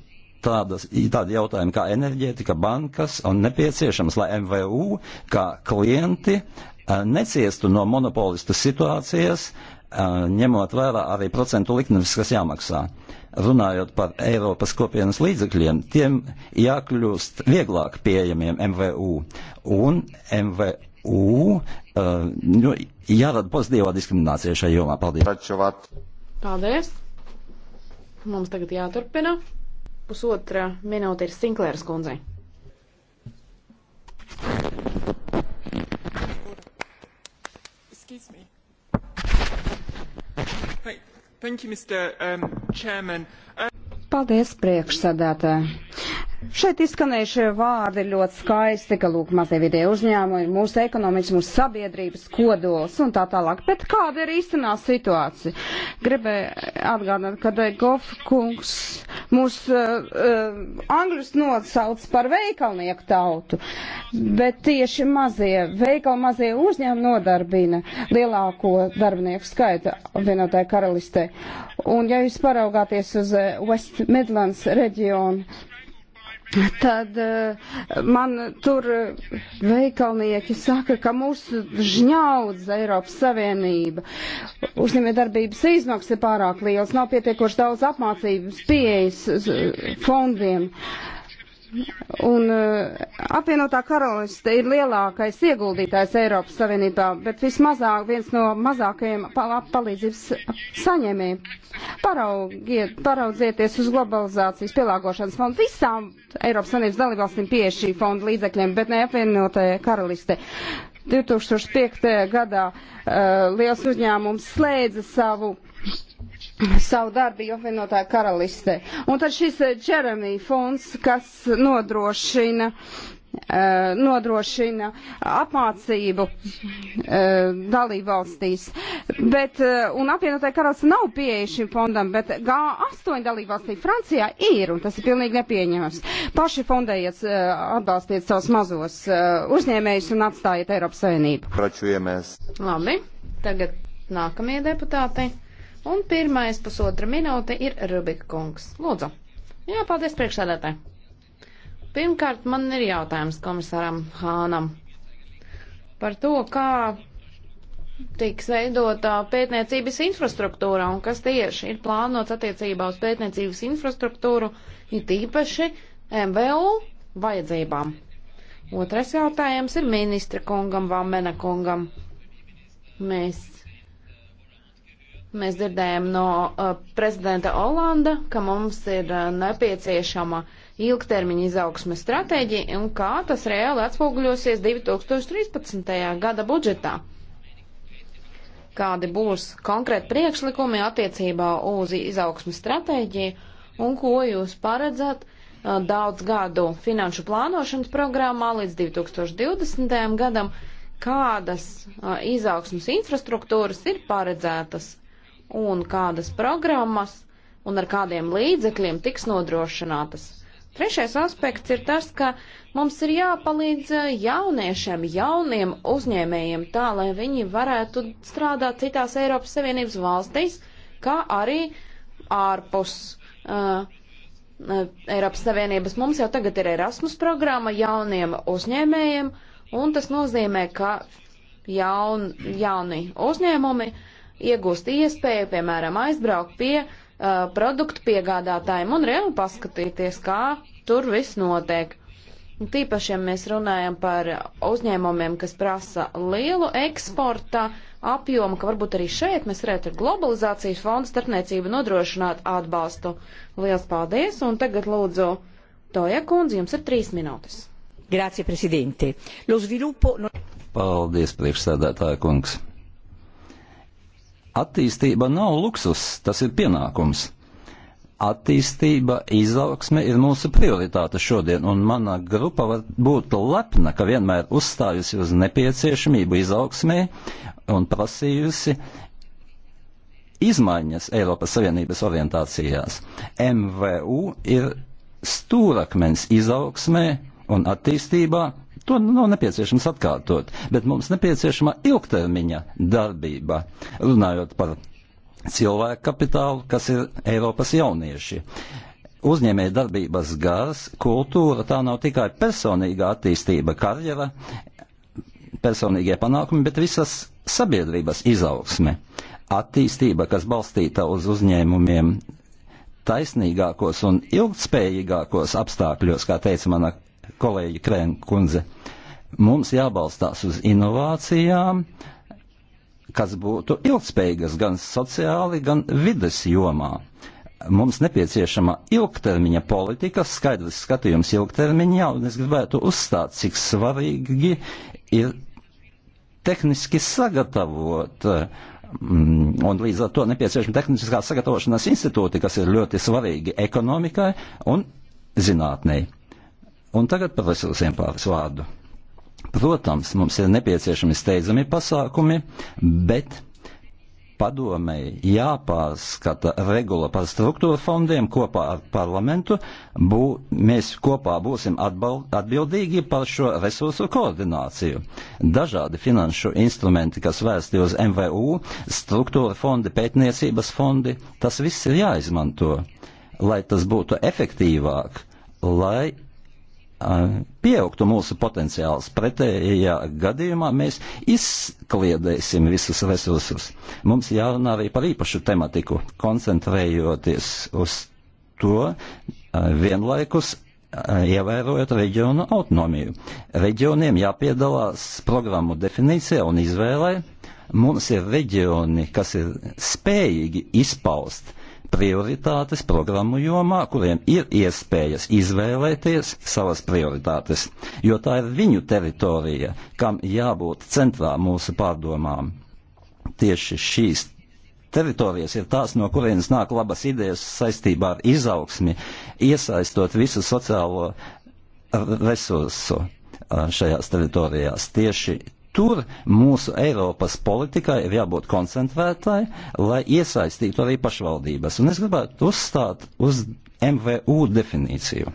tādas, tādi jautājumi kā enerģētika, bankas un nepieciešams, lai MVU kā klienti eh, neciestu no monopolistu situācijas, eh, ņemot vērā arī procentu liknes, kas jāmaksā. Runājot par Eiropas kopienas līdzekļiem, tiem jākļūst vieglāk pieejamiem MVU. Un MVU eh, nu, jārada pozitīvā diskriminācija šajā jomā. Paldies! Paldies! Mums tagad jāturpina. Pusotra minūte ir Sinklēras kundzei. Excuse me. Thank you, Mr. Um, Chairman. Uh... Paldies, priekšsādātāji. Šeit izskanējušie vārdi ļoti skaisti, ka lūk mazie vidē uzņēmumi ir mūsu ekonomikas, mūsu sabiedrības kodols un tā tālāk. Bet kāda ir īstenā situācija? Gribēju atgādināt, ka Goff kungs mūs uh, eh, uh, eh, angļus nosauc par veikalnieku tautu, bet tieši mazie veikali, mazie uzņēmumi nodarbina lielāko darbinieku skaitu vienotāju karalistē. Un ja jūs paraugāties uz eh, West Midlands reģionu, Tad eh, man tur eh, veikalnieki saka, ka mūsu žņaudz Eiropas Savienība. Uzņēmē darbības izmaksas ir pārāk liels, nav pietiekoši daudz apmācības pieejas eh, fondiem. Uh, Un eh, apvienotā karaliste ir lielākais ieguldītājs Eiropas Savienībā, bet vismazāk viens no mazākajiem palīdzības saņēmējiem. Paraugiet, paraudzieties uz globalizācijas pielāgošanas fondu. Visām Eiropas Savienības dalībvalstīm pie šī fonda līdzekļiem, bet ne apvienotā karaliste. 2005. gadā uh, liels uzņēmums slēdza savu savu darbību apvienotāju karalistē. Un tad šis Džeremija eh, fonds, kas nodrošina eh, nodrošina apmācību eh, dalībvalstīs. Bet, un apvienotāja karals nav pieeja šim fondam, bet G8 dalībvalstī Francijā ir, un tas ir pilnīgi nepieņemams. Paši fondējiet, atbalstiet savus mazos uzņēmējus un atstājiet Eiropas Savienību. Pračujamies. Labi, tagad nākamie deputāti. Un pirmais pusotra minūte ir Rubika kungs. Lūdzu. Jā, paldies priekšsēdētāji. Pirmkārt, man ir jautājums komisaram Hānam par to, kā tiks veidotā pētniecības infrastruktūra un kas tieši ir plānots attiecībā uz pētniecības infrastruktūru, ir tīpaši MVU vajadzībām. Otrais jautājums ir ministra kungam Vamena kungam. Mēs Mēs dzirdējam no uh, prezidenta Olanda, ka mums ir uh, nepieciešama ilgtermiņa izaugsmes stratēģija un kā tas reāli atspoguļosies 2013. gada budžetā. Kādi būs konkrēti priekšlikumi attiecībā uz izaugsmes stratēģiju un ko jūs paredzat uh, daudz gadu finanšu plānošanas programmā līdz 2020. gadam, kādas uh, izaugsmes infrastruktūras ir paredzētas un kādas programmas un ar kādiem līdzekļiem tiks nodrošinātas. Trešais aspekts ir tas, ka mums ir jāpalīdz eh, jauniešiem, jauniem uzņēmējiem tā, lai viņi varētu strādāt citās Eiropas Savienības valstīs, kā arī ārpus uh, Eiropas Savienības. Mums jau tagad ir Erasmus programma jauniem uzņēmējiem, un tas nozīmē, ka jaun, jauni uzņēmumi uh, iegūst iespēju, piemēram, aizbraukt pie uh, produktu piegādātājiem un reāli paskatīties, kā tur viss notiek. Tīpaši, ja mēs runājam par uzņēmumiem, kas prasa lielu eksporta apjomu, ka varbūt arī šeit mēs varētu ar globalizācijas fondu starpniecību nodrošināt atbalstu. Lielas paldies, un tagad lūdzu, Toja kundze, jums ir trīs minūtes. Grācija, prezidenti. Paldies, priekšsēdētāja kungs. Attīstība nav luksus, tas ir pienākums. Attīstība, izaugsme ir mūsu prioritāte šodien, un mana grupa var būt lepna, ka vienmēr uzstājusi uz nepieciešamību izaugsmē un prasījusi izmaiņas Eiropas Savienības orientācijās. MVU ir stūrakmens izaugsmē un attīstībā, To nav nepieciešams atkārtot, bet mums nepieciešama ilgtermiņa darbība, runājot par cilvēku kapitālu, kas ir Eiropas jaunieši. Uzņēmēja darbības gars, kultūra, tā nav tikai personīga attīstība, karjera, personīgie panākumi, bet visas sabiedrības izaugsme. Attīstība, kas balstīta uz uzņēmumiem taisnīgākos un ilgtspējīgākos apstākļos, kā teica mana kolēģi Krēna kundze. Mums jābalstās uz inovācijām, kas būtu ilgspējīgas gan sociāli, gan vides jomā. Mums nepieciešama ilgtermiņa politika, skaidrs skatījums ilgtermiņā, un es gribētu uzstāt, cik svarīgi ir tehniski sagatavot mm, Un līdz ar to nepieciešama tehniskā sagatavošanās institūti, kas ir ļoti svarīgi ekonomikai un zinātnei. Un tagad par resursiem pāris vārdu. Protams, mums ir nepieciešami steidzami pasākumi, bet padomēji jāpārskata regula par struktūra fondiem kopā ar parlamentu. Bū, mēs kopā būsim atbal, atbildīgi par šo resursu koordināciju. Dažādi finanšu instrumenti, kas vērsti uz MVU, struktūra fondi, pētniecības fondi, tas viss ir jāizmanto, lai tas būtu efektīvāk, lai pieaugtu mūsu potenciāls. Pretējā gadījumā mēs izkliedēsim visus resursus. Mums jārunā arī par īpašu tematiku, koncentrējoties uz to vienlaikus ievērojot reģionu autonomiju. Reģioniem jāpiedalās programmu definīcijā un izvēlē. Mums ir reģioni, kas ir spējīgi izpaust prioritātes programmu jomā, kuriem ir iespējas izvēlēties savas prioritātes, jo tā ir viņu teritorija, kam jābūt centrā mūsu pārdomām. Tieši šīs teritorijas ir tās, no kurienes nāk labas idejas saistībā ar izaugsmi, iesaistot visu sociālo resursu šajās teritorijās. Tieši Tur mūsu Eiropas politikai ir jābūt koncentrētai, lai iesaistītu arī pašvaldības. Un es gribētu uzstāt uz MVU definīciju.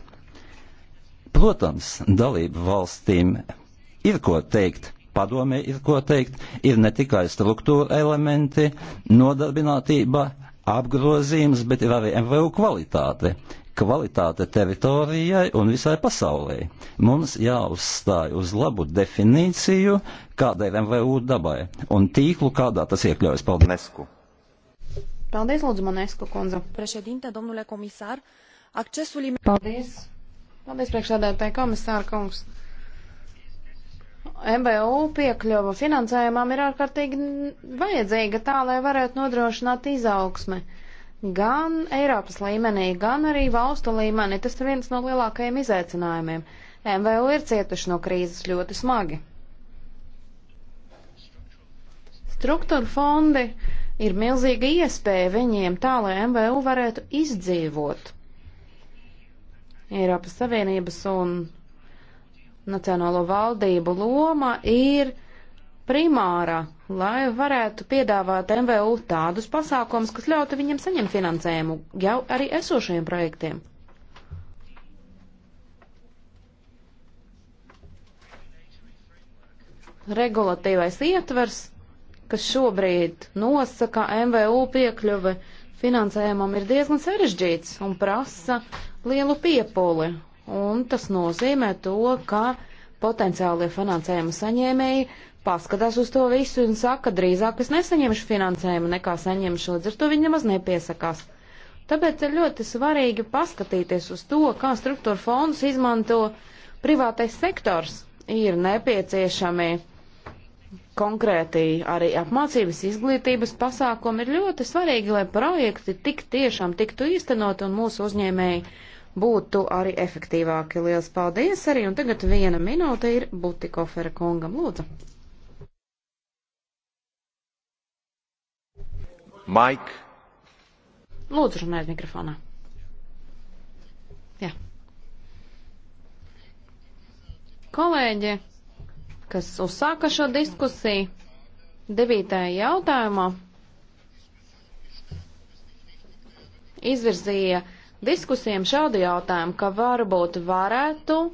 Protams, dalību valstīm ir ko teikt, padomē ir ko teikt, ir ne tikai struktūra elementi, nodarbinātība, apgrozījums, bet ir arī MVU kvalitāte kvalitāte teritorijai un visai pasaulē. Mums jāuzstāj uz labu definīciju, kādai MVU dabai un tīklu, kādā tas iekļaujas. Paldies! Nesku. Paldies, Lūdzu, Manesku kundze. Prešedinte, domnule komisār, akcesul im... Paldies. Paldies, priekšādātāji komisāra kungs. MBU piekļuva finansējumam ir ārkārtīgi vajadzīga tā, lai varētu nodrošināt izaugsmi. Uh, gan Eiropas līmenī, gan arī valstu līmenī. Tas ir viens no lielākajiem izaicinājumiem. MVU ir cietuši no krīzes ļoti smagi. Struktūra fondi ir milzīga iespēja viņiem tā, lai MVU varētu izdzīvot. Eiropas Savienības un Nacionālo valdību loma ir primārā lai varētu piedāvāt MVU tādus pasākumus, kas ļautu viņiem saņemt finansējumu jau arī esošajiem projektiem. Regulatīvais ietvers, kas šobrīd nosaka MVU piekļuvi finansējumam, ir diezgan sarežģīts un prasa lielu piepuli. Un tas nozīmē to, ka potenciālie finansējuma saņēmēji paskatās uz to visu un saka, drīzāk es nesaņemšu finansējumu nekā saņemšu, līdz ar to viņi nemaz nepiesakās. Tāpēc ir ļoti svarīgi paskatīties uz to, kā struktūra fondus izmanto privātais sektors. Ir nepieciešami konkrēti arī apmācības izglītības pasākumi. Ir ļoti svarīgi, lai projekti tik tiešām tiktu īstenot un mūsu uzņēmēji būtu arī efektīvāki. Lielas paldies arī, un tagad viena minūte ir Butikofera kungam. Lūdzu! Maik. Lūdzu, runājiet mikrofonā. Jā. Kolēģi, kas uzsāka šo diskusiju, devītajā jautājumā izvirzīja diskusijām šādu jautājumu, ka varbūt varētu uh,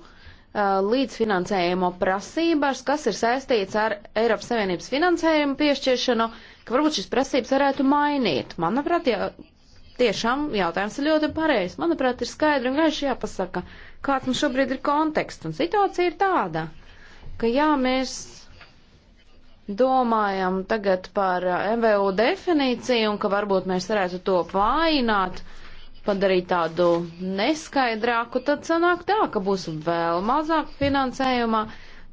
līdzfinansējumu prasības, kas ir saistīts ar Eiropas Savienības finansējumu piešķiršanu, uh, ka varbūt šis prasības varētu mainīt. Manuprāt, jā, tiešām jautājums ir ļoti pareizs. Manuprāt, ir skaidri un gaiši jāpasaka, kāds mums šobrīd ir konteksts. Un situācija ir tāda, ka jā, mēs domājam tagad par MVU definīciju un ka varbūt mēs varētu to vājināt, padarīt tādu neskaidrāku, tad sanāk tā, ka būs vēl mazāk finansējumā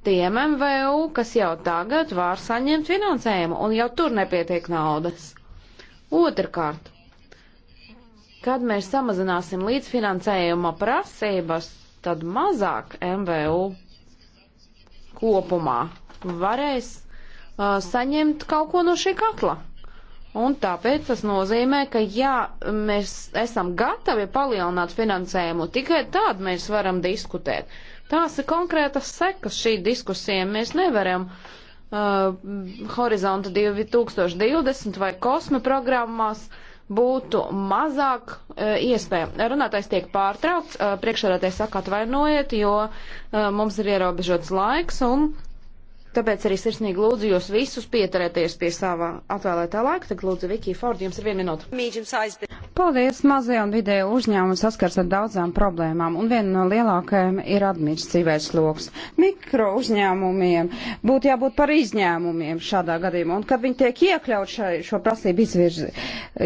tiem MVU, kas jau tagad var saņemt finansējumu, un jau tur nepietiek naudas. Otrakārt, kad mēs samazināsim līdzfinansējuma prasības, tad mazāk MVU kopumā varēs uh, saņemt kaut ko no šī katla. Un tāpēc tas nozīmē, ka ja mēs esam gatavi palielināt finansējumu, tikai tad mēs varam diskutēt. Tās ir konkrētas sekas šī diskusija. Mēs nevaram uh, horizonta 2020 vai kosma programmās būtu mazāk uh, iespēja. Runātais tiek pārtraukts, uh, priekšsēdētājs saka atvainojiet, jo uh, mums ir ierobežots laiks un Tāpēc arī sirsnīgi lūdzu jūs visus pieturēties pie savā atvēlētā laika. Tad lūdzu, Viki Ford, jums ir viena minūte. Paldies! Mazie un vidēji uzņēmumi saskars ar daudzām problēmām, un viena no lielākajām ir administratīvais sloks. Mikro uzņēmumiem būtu jābūt par izņēmumiem šādā gadījumā, un kad viņi tiek iekļaut šai, šo prasību izvirzi,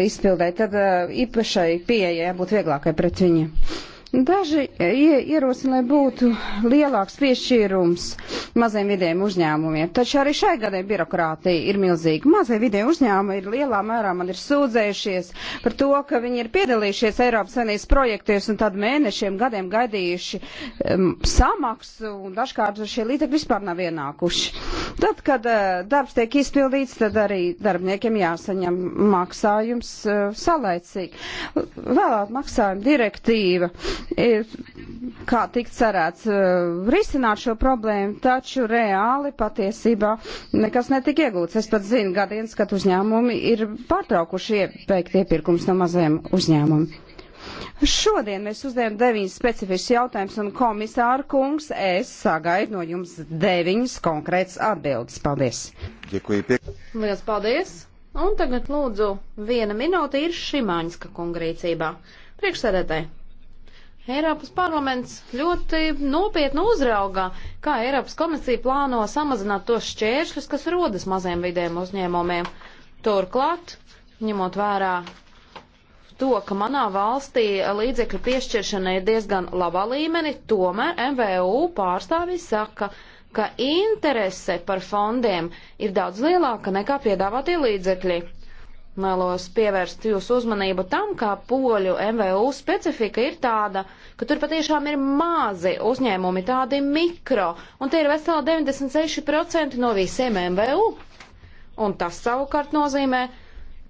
izpildē, tad uh, īpašai pieejai būtu vieglākai pret viņiem. Daži e, ierosina, lai būtu lielāks piešķīrums maziem vidiem uzņēmumiem, taču arī šai gadai birokrātija ir milzīga. Mazie vidie uzņēmumi ir lielā mērā man ir sūdzējušies par to, ka viņi ir piedalījušies Eiropas Savienības projektos un tad mēnešiem gadiem gaidījuši um, samaksu un dažkārt šie līdzekļi vispār nav ienākuši. Tad, kad eh, darbs tiek izpildīts, tad arī darbniekiem jāsaņem maksājums eh, salaicīgi. Vēlāk maksājuma direktīva ir, kā tik cerēts, eh, risināt šo problēmu, taču reāli patiesībā nekas netika iegūts. Es pat zinu gadienas, kad uzņēmumi ir pārtraukuši iepērkt iepirkums no mazajiem uzņēmumiem. Šodien mēs uzdevām deviņus specifiskus jautājumus, un komisāra kungs, es sagaidu no jums deviņas konkrētas atbildes. Paldies! Lielas paldies! Un tagad lūdzu, viena minūte ir Šimāņska kungrīcībā. Priekšsēdētāji, Eiropas parlaments ļoti nopietni uzraugā, kā Eiropas komisija plāno samazināt tos šķēršļus, kas rodas maziem vidiem uzņēmumiem. Turklāt, ņemot vērā to, ka manā valstī līdzekļu piešķiršana ir diezgan labā līmenī, tomēr MVU pārstāvji saka, ka interese par fondiem ir daudz lielāka nekā piedāvātie līdzekļi. Mēlos pievērst jūsu uzmanību tam, ka poļu MVU specifika ir tāda, ka tur patiešām ir mazi uzņēmumi, tādi mikro, un tie ir veseli 96% no visiem MVU. Un tas savukārt nozīmē,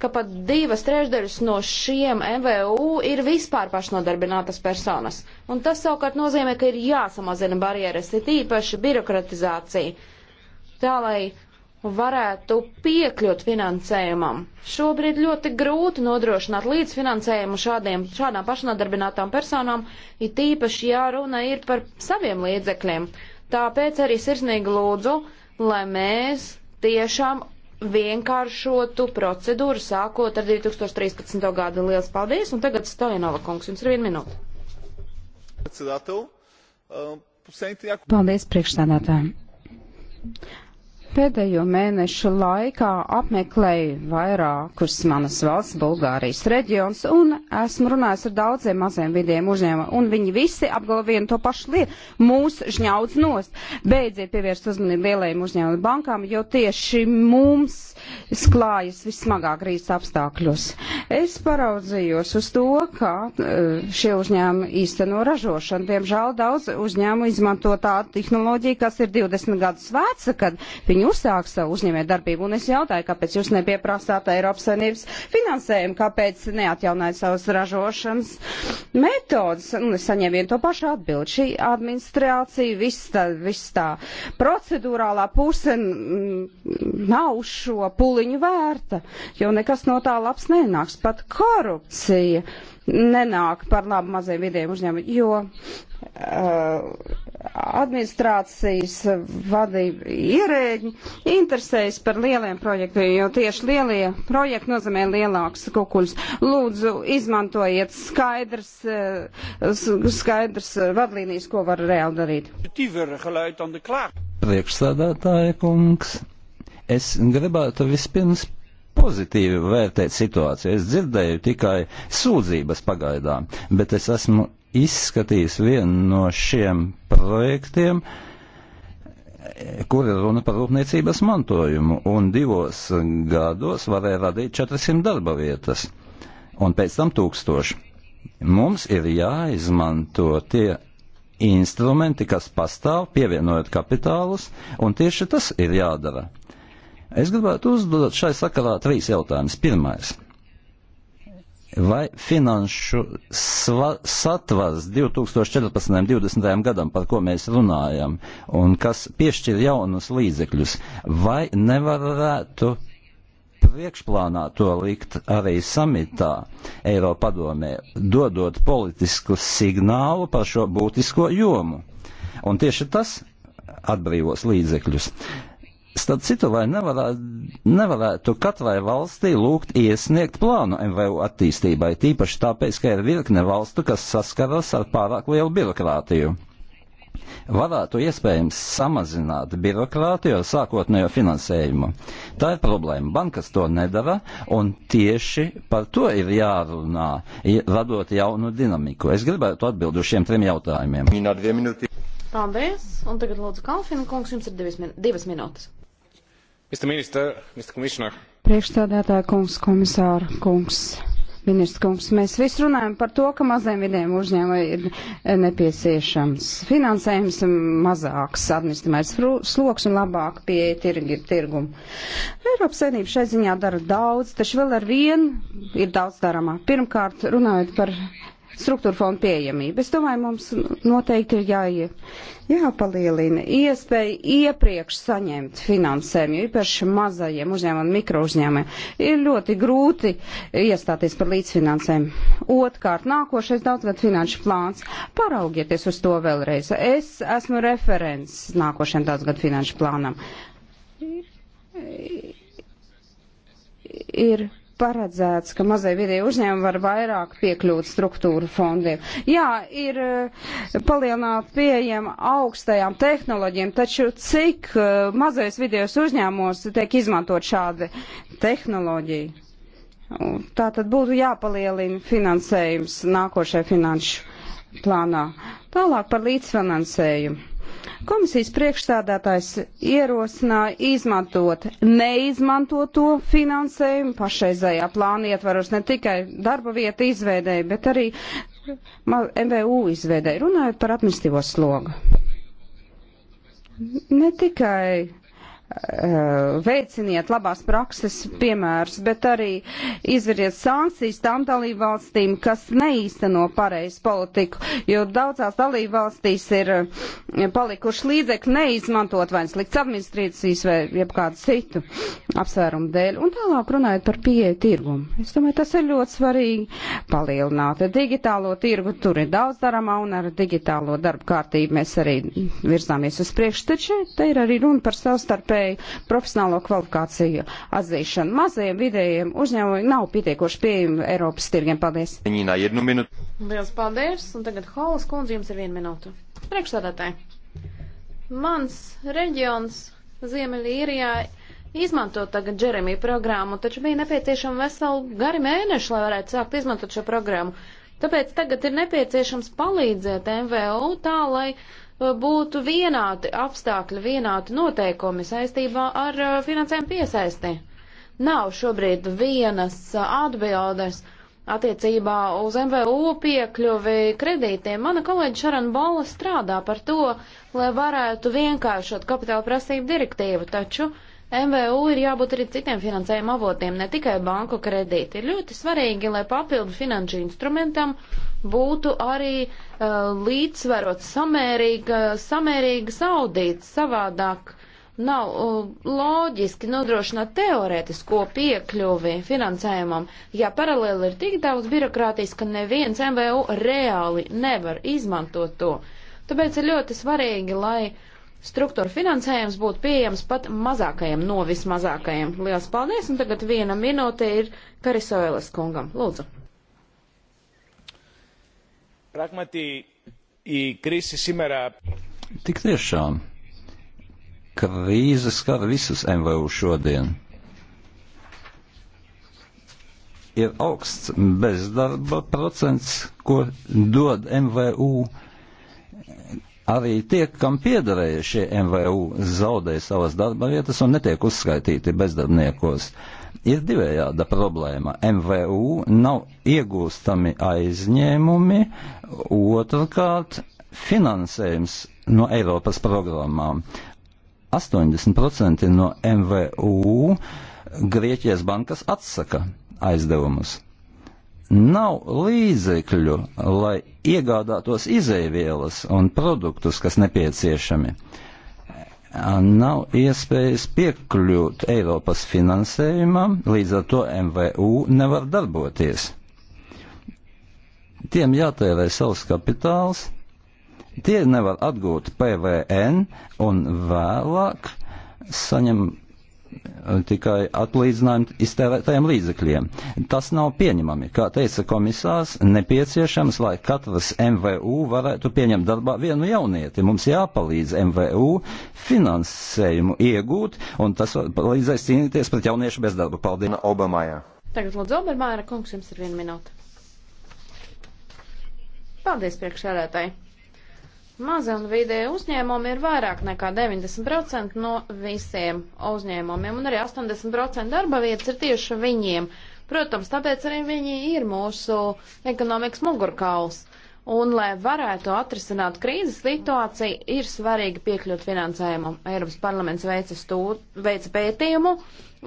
ka pat divas trešdaļas no šiem MVU ir vispār pašnodarbinātas personas. Un tas savukārt nozīmē, ka ir jāsamazina barjeras, ir īpaši birokratizācija, tā lai varētu piekļūt finansējumam. Šobrīd ļoti grūti nodrošināt līdzfinansējumu šādiem, šādām pašnodarbinātām personām, ir īpaši jārunā ir par saviem līdzekļiem. Tāpēc arī sirsnīgi lūdzu, lai mēs tiešām vienkāršotu procedūru sākot ar 2013. gadu. Lielas paldies! Un tagad Stojanova kungs, jums ir viena minūte. Paldies, priekšstādātājiem! Pēdējo mēnešu laikā apmeklēju vairākus manas valsts Bulgārijas reģions un esmu runājis ar daudziem maziem vidiem uzņēmumiem, un viņi visi apgalvo vienu to pašu lietu - mūs žņauc nost. Beidziet pievērst uzmanību lielajiem uzņēmumu bankām, jo tieši mums sklājas vismagāk krīzes apstākļos. Es paraudzījos uz to, kā e, šie uzņēmumi īsteno ražošanu. Diemžēl daudz uzņēmumu izmanto tādu tehnoloģiju, kas ir 20 gadus veca, kad viņi uzsāk savu uzņēmē darbību. Un es jautāju, kāpēc jūs nepieprasāt Eiropas Savienības finansējumu, kāpēc neatjaunājat savas ražošanas metodas. Un es saņēmu vienu to pašu atbildi. Šī administrācija, viss tā, viss tā procedūrālā puse nav uz šo puliņu vērta, jo nekas no tā labs nenāks. Pat korupcija nenāk par labu maziem vidiem uzņēmumiem, jo uh, administrācijas vadība ierēģi interesējas par lieliem projektiem, jo tieši lielie projekti nozīmē lielāks kukuļus. Lūdzu, izmantojiet skaidrs, uh, skaidrs vadlīnijas, ko var reāli darīt. Priekšsēdētāja kungs. Es gribētu vispirms pozitīvi vērtēt situāciju. Es dzirdēju tikai sūdzības pagaidām, bet es esmu izskatījis vienu no šiem projektiem, kur ir runa par rūpniecības mantojumu, un divos gados varēja radīt 400 darba vietas, un pēc tam tūkstoši. Mums ir jāizmanto tie instrumenti, kas pastāv, pievienojot kapitālus, un tieši tas ir jādara. Es gribētu uzdot šai sakarā trīs jautājumus. Pirmais. Vai finanšu satvars 2014. un 2020. gadam, par ko mēs runājam, un kas piešķir jaunus līdzekļus, vai nevarētu priekšplānā to likt arī samitā Eiropadomē, dodot politisku signālu par šo būtisko jomu? Un tieši tas atbrīvos līdzekļus. Uh, Starp citu, vai nevarētu, nevarētu katrai valstī lūgt iesniegt plānu MVU attīstībai, tīpaši tāpēc, ka ir virkne valstu, kas saskaras ar pārāk lielu birokrātiju. Varētu iespējams samazināt birokrātiju ar sākotnējo finansējumu. Tā ir problēma. Bankas to nedara, un tieši par to ir jārunā, radot jaunu dinamiku. Es gribētu atbildu šiem trim jautājumiem. Paldies, un tagad lūdzu Kalfinu kungs, jums ir divas, min divas minūtes. Mr. Minister, Mr. Commissioner. Priekšstādātāja kungs, komisāra kungs. Ministrs kungs, mēs visi runājam par to, ka maziem vidiem uzņēmumiem ir eh, nepieciešams finansējums mazāks, administratīvais sloks un labāk pieeja tirgi, tirgumu. Eiropas savinība šai ziņā dara daudz, taču vēl ar vienu ir daudz darāmā. Pirmkārt, runājot par struktūra fonda pieejamību. Es domāju, mums noteikti ir jāie, jāpalielina iespēja iepriekš saņemt finansējumu, jo īpaši mazajiem uzņēmumiem, mikro uzņēmumiem ir ļoti grūti iestāties par līdzfinansējumu. Otkārt, nākošais daudzgad finanšu plāns. Paraugieties uz to vēlreiz. Es esmu referents nākošajam daudzgad finanšu plānam. Ir paredzēts, ka mazie vidēji uzņēmumi var vairāk piekļūt struktūru fondiem. Jā, ir eh, palielināt pieejama augstajām tehnoloģijām, taču cik uh, mazais vidējos uzņēmumos tiek izmantot šādi tehnoloģija? Tā tad būtu jāpalielina finansējums nākošajā finanšu plānā. Tālāk par līdzfinansējumu. Komisijas priekšstādātājs ierosināja izmantot neizmantoto finansējumu pašreizējā plāna ietvaros ne tikai darba vietu izveidēju, bet arī MVU izveidēju, runājot par administratīvo slogu. Ne tikai Eh, veiciniet labās prakses piemērus, bet arī izviriet sankcijas tām dalībvalstīm, kas neīsteno pareizu politiku, jo daudzās dalībvalstīs ir eh, palikuši līdzekļi neizmantot vai slikts administrācijas vai jebkādu citu apsvērumu dēļ. Un tālāk runājot par pieeju tirgumu. Es domāju, tas ir ļoti svarīgi palielināt digitālo tirgu, tur ir daudz darāmā un ar digitālo darbu kārtību mēs arī virzāmies uz priekšu, taču te ir arī runa par savstarpēju iespēju profesionālo kvalifikāciju atzīšanu. Mazajiem vidējiem uzņēmumiem nav pietiekoši pieejami Eiropas tirgiem. Paldies! Liels paldies! Un tagad Holas kundze jums ir viena minūte. Priekšsādātāji, mans reģions Ziemeļīrijā izmantot tagad Džeremija programmu, taču bija nepieciešama veseli gari mēneši, lai varētu sākt izmantot šo programmu. Tāpēc tagad ir nepieciešams palīdzēt MVU tā, lai būtu vienādi apstākļi, vienādi noteikumi saistībā ar finansējumu piesaisti. Nav šobrīd vienas atbildes attiecībā uz MVU piekļuvi kredītiem. Mana kolēģa Šarana Bola strādā par to, lai varētu vienkāršot kapitāla prasību direktīvu, taču uh, MVU ir jābūt arī citiem finansējuma avotiem, ne tikai banku kredīti. Ir ļoti svarīgi, lai papildu finanšu instrumentam būtu arī uh, līdzsvarot samērīga, samērīgas audīts. Savādāk nav uh, loģiski nodrošināt teorētisko piekļuvi finansējumam, ja paralēli ir tik daudz birokrātijas, ka neviens MVU reāli nevar izmantot to. Tāpēc ir ļoti svarīgi, lai uh, struktūra finansējums būtu pieejams pat mazākajiem no vismazākajiem. Lielas paldies, un tagad viena minūte ir Karisoēlas kungam. Lūdzu. Pragmatī, krīze simerā. Tik tiešām, krīze skar visus MVU šodien. Ir augsts bezdarba procents, ko dod MVU arī tie, kam piederēja šie MVU, zaudēja savas darba vietas un netiek uzskaitīti bezdarbniekos. Ir divējāda problēma. MVU nav iegūstami aizņēmumi, otrkārt finansējums no Eiropas programmām. 80% no MVU Grieķijas bankas atsaka aizdevumus nav līdzekļu, lai iegādātos izēvielas un produktus, kas nepieciešami. Nav iespējas piekļūt Eiropas finansējumam, līdz ar to MVU nevar darboties. Tiem jātērē savs kapitāls, tie nevar atgūt PVN un vēlāk saņem tikai atlīdzinājumu iztērētajiem līdzekļiem. Tas nav pieņemami. Kā teica komisārs, nepieciešams, lai katras MVU varētu pieņemt darbā vienu jaunieti. Mums jāpalīdz MVU finansējumu iegūt, un tas palīdzēs cīnīties pret jauniešu bezdarbu. Paldies! Obamajā. Tagad lūdzu, Obermāra kungs, jums ir viena minūte. Paldies priekšsēdētāji! Mazie un vidēji uzņēmumi ir vairāk nekā 90% no visiem uzņēmumiem, un arī 80% darba vietas ir tieši viņiem. Protams, tāpēc arī viņi ir mūsu ekonomikas mugurkauls. Un, lai varētu atrisināt krīzes situāciju, ir svarīgi piekļūt finansējumam. Eiropas parlaments veica, stūt, veica pētījumu,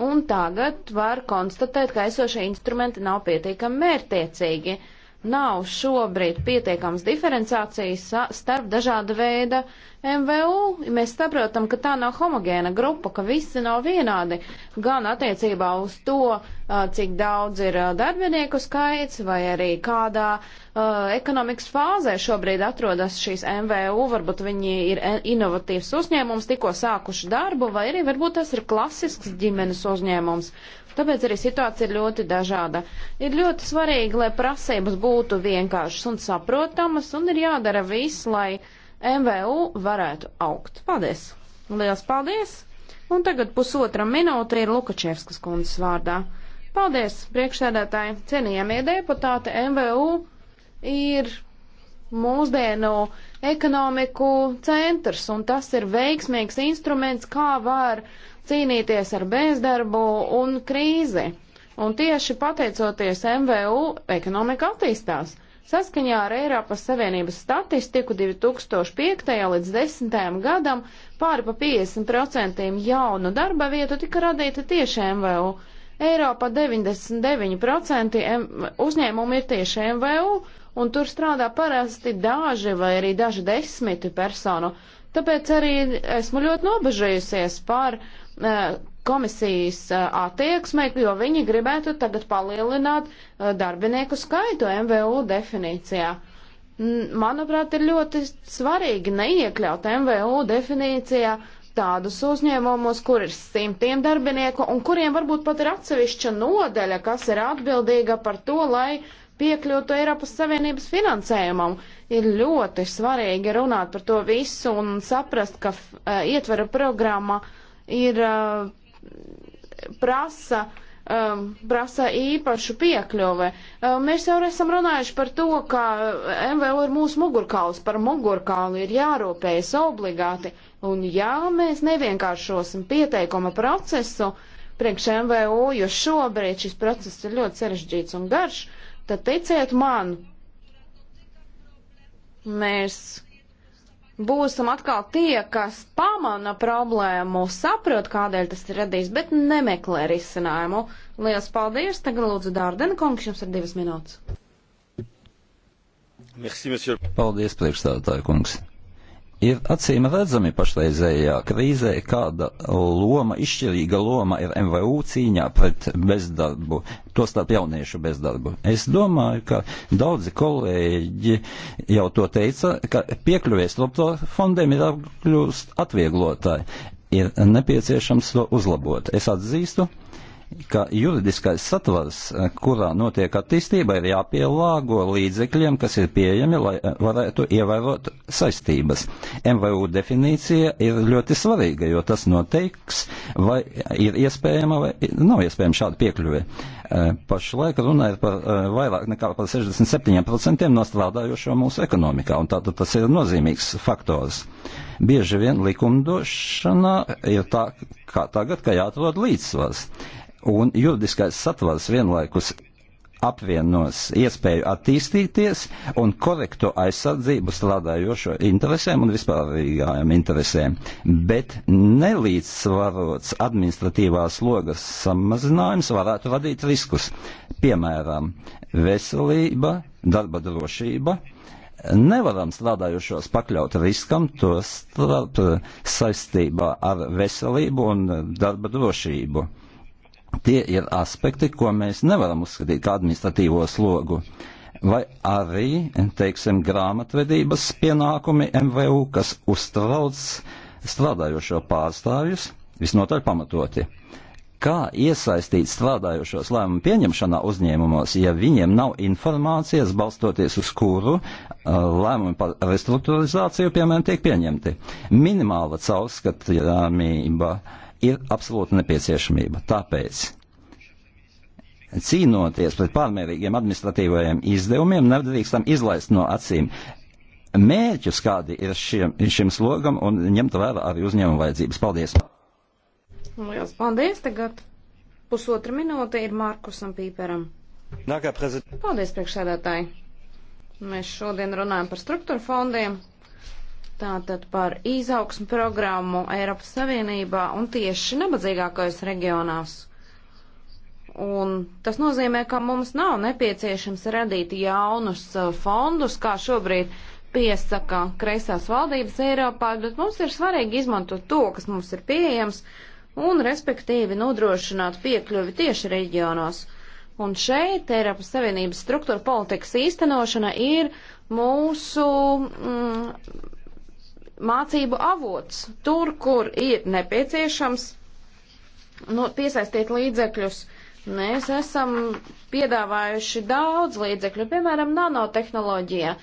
un tagad var konstatēt, ka esošie instrumenti nav pietiekami mērtiecīgi. Uh, nav šobrīd pietiekams diferenciācijas starp dažāda veida MVU. Mēs saprotam, ka tā nav homogēna grupa, ka visi nav vienādi, gan attiecībā uz to, cik daudz ir darbinieku skaits, vai arī kādā uh, ekonomikas fāzē šobrīd atrodas šīs MVU, varbūt viņi ir e, inovatīvs uzņēmums, tikko sākuši darbu, vai arī varbūt tas ir klasisks ģimenes uzņēmums. Tāpēc arī situācija ir ļoti dažāda. Ir ļoti svarīgi, lai prasības būtu vienkāršas un saprotamas, un ir jādara viss, lai MVU varētu augt. Paldies! Lielas paldies! Un tagad pusotra minūte ir Lukačevskas kundzes vārdā. Paldies, priekšsēdētāji, cienījamie deputāti, MVU ir mūsdienu ekonomiku centrs, un tas ir veiksmīgs instruments, kā var cīnīties ar bezdarbu un krīzi. Un tieši pateicoties MVU, ekonomika attīstās. Saskaņā ar Eiropas Savienības statistiku 2005. līdz 2010. gadam pāri pa 50% jaunu darba vietu tika radīta tieši MVU. Eiropā 99% uzņēmumu ir tieši MVU, un tur strādā parasti daži vai arī daži desmiti personu. Tāpēc arī esmu ļoti nobežījusies par uh, Eh, komisijas eh, attieksmei, jo viņi gribētu tagad palielināt eh, darbinieku skaitu MVU definīcijā. Manuprāt, ir ļoti svarīgi neiekļaut MVU definīcijā tādus uzņēmumus, kur ir simtiem darbinieku un kuriem varbūt pat ir atsevišķa nodeļa, kas ir atbildīga par to, lai piekļūtu Eiropas Savienības finansējumam. Ir ļoti svarīgi runāt par to visu un saprast, ka uh, ietvera programma uh, ir prasa, prasa īpašu piekļuvi. Mēs jau esam runājuši par to, ka MVO ir mūsu mugurkauls, par mugurkaulu ir jārūpējas obligāti, un ja mēs nevienkāršosim pieteikuma procesu priekš MVO, jo šobrīd šis process ir ļoti sarežģīts un garš, tad ticiet man, mēs būsim atkal tie, kas pamana problēmu, saprot, kādēļ tas ir radījis, bet nemeklē risinājumu. Lielas paldies! Tagad lūdzu Dārdena kungs, jums ir divas minūtes. Merci, monsieur. paldies, priekšstādātāju kungs ir acīm redzami pašreizējā krīzē, kāda loma, izšķirīga loma ir MVU cīņā pret bezdarbu, tostarp jauniešu bezdarbu. Es domāju, ka daudzi kolēģi jau to teica, ka piekļuvies lopto fondiem ir apkļūst atvieglotāji. Ir nepieciešams to uzlabot. Es atzīstu, uh, ka juridiskais satvars, eh, kurā notiek attīstība, ir jāpielāgo līdzekļiem, kas ir pieejami, lai eh, varētu ievērot saistības. MVU definīcija ir ļoti svarīga, jo tas noteiks, vai ir iespējama vai nav iespējama šāda piekļuve. Eh, pašlaik runa ir par vairāk nekā par 67% no strādājošo mūsu ekonomikā, un tātad tas ir nozīmīgs faktors bieži vien likumdošanā ir tā, kā tagad, ka jāatrod līdzsvars un juridiskais satvars vienlaikus apvienos iespēju attīstīties un korektu aizsardzību strādājošo interesēm un vispārīgajām interesēm, bet nelīdzsvarots administratīvās slogas samazinājums varētu radīt riskus, piemēram, veselība, darba drošība, nevaram strādājušos pakļaut riskam, to starp saistībā ar veselību un darba drošību. Tie ir aspekti, ko mēs nevaram uzskatīt kā administratīvo slogu. Vai arī, teiksim, grāmatvedības pienākumi MVU, kas uztrauc strādājošo pārstāvjus, visnotaļ pamatoti. Kā iesaistīt strādājošos lēmumu pieņemšanā uzņēmumos, ja viņiem nav informācijas, balstoties uz kuru uh, lēmumi par restruktūrizāciju, piemēram, tiek pieņemti? Minimāla caurskatāmība. Uh, ir absolūta nepieciešamība. Tāpēc, cīnoties pret pārmērīgiem administratīvajiem izdevumiem, nedrīkstam izlaist no acīm mērķus, kādi ir šiem, šim slogam, un ņemt vērā arī uzņēmuma vajadzības. Paldies! Lielas paldies! Tagad pusotra minūte ir Markusam Pīperam. Nākā prezidenta. Paldies, priekšsēdētāji! Mēs šodien runājam par struktūra fondiem, Tātad par izaugsmu programmu Eiropas Savienībā un tieši nabadzīgākajos reģionās. Un tas nozīmē, ka mums nav nepieciešams radīt jaunus uh, fondus, kā šobrīd piesaka kreisās valdības Eiropā, bet mums ir svarīgi izmantot to, kas mums ir pieejams, un respektīvi nodrošināt piekļuvi tieši reģionos. Un šeit Eiropas Savienības struktūra politikas īstenošana ir mūsu mm, mācību avots. Tur, kur ir nepieciešams, nu, piesaistiet līdzekļus. Mēs esam piedāvājuši daudz līdzekļu, piemēram, nanotehnoloģija.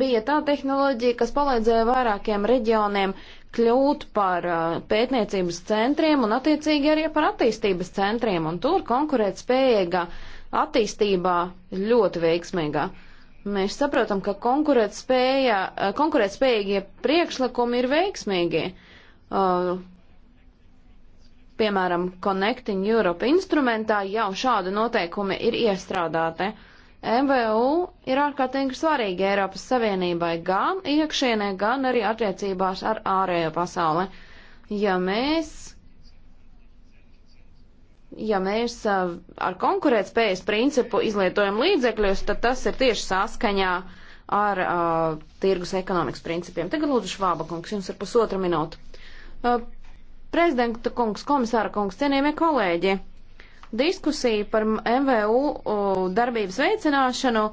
Bija tā tehnoloģija, kas palīdzēja vairākiem reģioniem kļūt par uh, pētniecības centriem un attiecīgi arī par attīstības centriem, un tur konkurēt spējīga attīstībā ļoti veiksmīgā. Uh, Mēs saprotam, ka konkurētspējīgie konkurēt eh, priekšlikumi ir veiksmīgi. Uh, piemēram, Connecting Europe instrumentā jau šādi noteikumi ir iestrādāti. MVU ir ārkārtīgi svarīgi Eiropas Savienībai gan iekšienē, gan arī attiecībās ar ārējo pasauli. Ja mēs ja mēs ar konkurētspējas principu izlietojam līdzekļus, tad tas ir tieši saskaņā ar uh, tirgus ekonomikas principiem. Tagad lūdzu Švāba kungs, jums ir pusotra minūte. Uh, prezidenta kungs, komisāra kungs, cienījamie kolēģi, diskusija par MVU uh, darbības veicināšanu,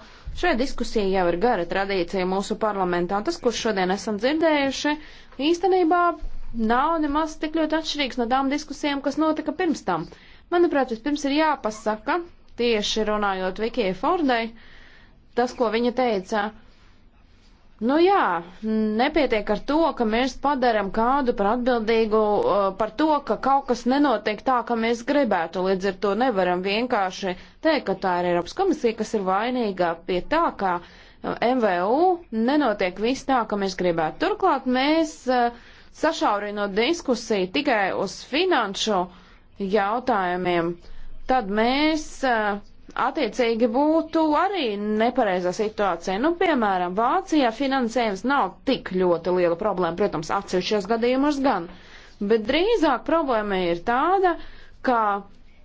šai diskusija jau ir gara tradīcija mūsu parlamentā. Tas, kurš šodien esam dzirdējuši, īstenībā nav nemaz tik ļoti atšķirīgs no tām diskusijām, kas notika pirms tam. Uh, Manuprāt, vispirms ir jāpasaka, tieši runājot Vikijai Fordai, tas, ko viņa teica. Nu jā, nepietiek ar to, ka mēs padaram kādu par atbildīgu uh, par to, ka kaut kas nenotiek tā, kā mēs gribētu. Līdz ar to nevaram vienkārši teikt, ka tā ir Eiropas komisija, kas ir vainīga pie tā, ka uh, MVU nenotiek viss tā, kā mēs gribētu. Turklāt mēs uh, sašaurinot diskusiju tikai uz finanšu uh, jautājumiem, tad mēs eh, attiecīgi būtu arī nepareizā situācija. Nu, piemēram, Vācijā finansējums nav tik ļoti liela problēma, protams, atsevišķos gadījumos gan, bet drīzāk problēma ir tāda, ka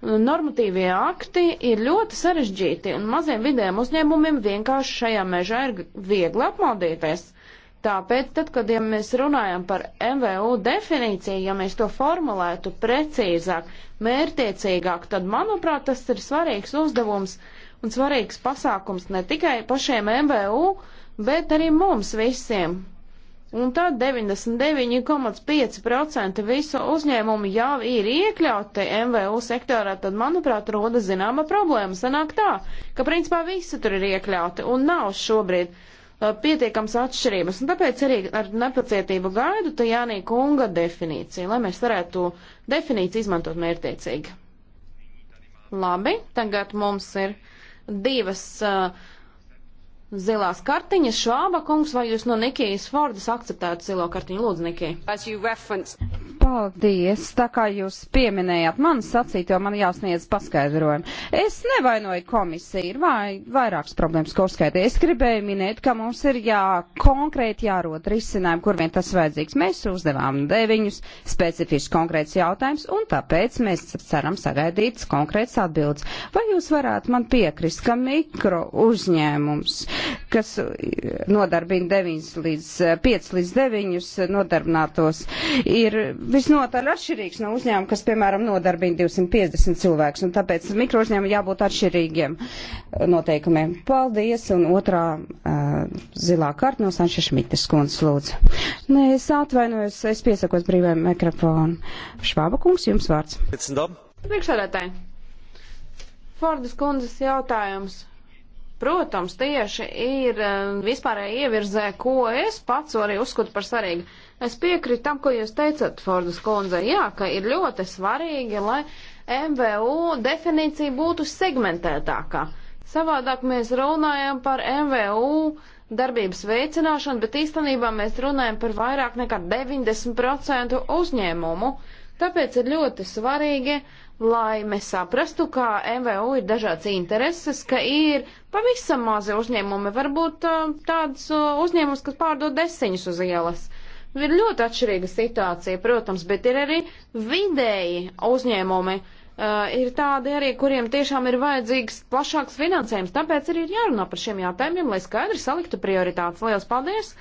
normatīvie akti ir ļoti sarežģīti un maziem vidējiem uzņēmumiem vienkārši šajā mežā ir viegli apmaldīties. Tāpēc, tad, kad ja mēs runājam par MVU definīciju, ja mēs to formulētu precīzāk, mērtiecīgāk, tad, manuprāt, tas ir svarīgs uzdevums un svarīgs pasākums ne tikai pašiem MVU, bet arī mums visiem. Un tad 99,5% visu uzņēmumu jau ir iekļauti MVU sektorā, tad, manuprāt, roda zināma problēma. Sanāk tā, ka principā visi tur ir iekļauti un nav šobrīd Uh, pietiekams atšķirības. Un tāpēc arī ar nepacietību gaidu tā Jānī kunga definīcija, lai mēs varētu definīciju izmantot mērtiecīgi. Labi, tagad mums ir divas uh, zilās kartiņas. Šāba kungs, vai jūs no Nikijas Fordas akceptētu zilo kartiņu? Lūdzu, Nikija. Paldies, tā kā jūs pieminējāt man sacīto, man jāsniedz paskaidrojumu. Es nevainoju komisiju, ir vai, vairākas problēmas, ko skaitīt. Es gribēju minēt, ka mums ir jā, konkrēti jārod risinājumi, kur vien tas vajadzīgs. Mēs uzdevām deviņus specifiski konkrēts jautājums, un tāpēc mēs ceram sagaidīt konkrēts atbildes. Vai jūs varētu man piekrist, ka mikro uzņēmums, kas nodarbina 9 līdz 5 līdz 9 nodarbinātos, ir visnotaļ atšķirīgs no uzņēmuma, kas, piemēram, nodarbina 250 cilvēkus, un tāpēc mikrouzņēmumi jābūt atšķirīgiem eh, noteikumiem. Paldies, un otrā uh, zilā karta no Sanša Šmitas kundas lūdzu. Nē, es atvainojos, es piesakos brīvajam mikrofonu. Švāba kungs, jums vārds. Priekšsādātāji, Fordas kundzes jautājums. Protams, tieši ir eh, vispārējā ievirzē, ko es pats arī uzskatu par svarīgu. Es piekrītu tam, ko jūs teicat, Fordas kundze, jā, ka ir ļoti svarīgi, lai MVU definīcija būtu segmentētākā. Savādāk mēs runājam par MVU darbības veicināšanu, bet īstenībā mēs runājam par vairāk nekā 90% uzņēmumu. Tāpēc ir ļoti svarīgi, lai mēs saprastu, ka MVU ir dažāds intereses, ka ir pavisam mazi uzņēmumi, varbūt uh, tāds uh, uzņēmums, kas pārdod desiņus uz ielas ir ļoti atšķirīga situācija, protams, bet ir arī vidēji uzņēmumi. Uh, ir tādi arī, kuriem tiešām ir vajadzīgs plašāks finansējums, tāpēc arī ir jārunā par šiem jautājumiem, lai skaidri saliktu prioritātes. Lielas paldies,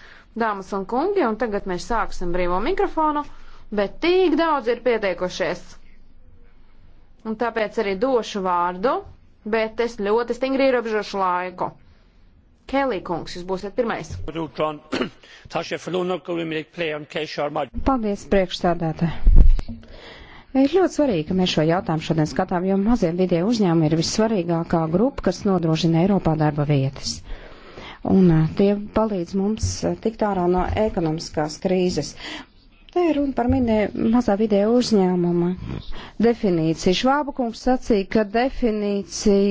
dāmas un kungi, un tagad mēs sāksim brīvo mikrofonu, bet tik daudz ir pieteikušies. Un tāpēc arī došu vārdu, bet es ļoti stingri ierobežošu laiku. Kelly kungs, jūs būsiet pirmais. Paldies, priekšstādātāji. Ir ļoti svarīgi, ka mēs šo jautājumu šodien skatām, jo maziem vidēju uzņēmumi ir vissvarīgākā grupa, kas nodrošina Eiropā darba vietas. Un tie palīdz mums tikt ārā no ekonomiskās krīzes. Te ir runa par minē, mazā vidē uzņēmuma definīciju. Švāba kungs sacīja, ka definīcija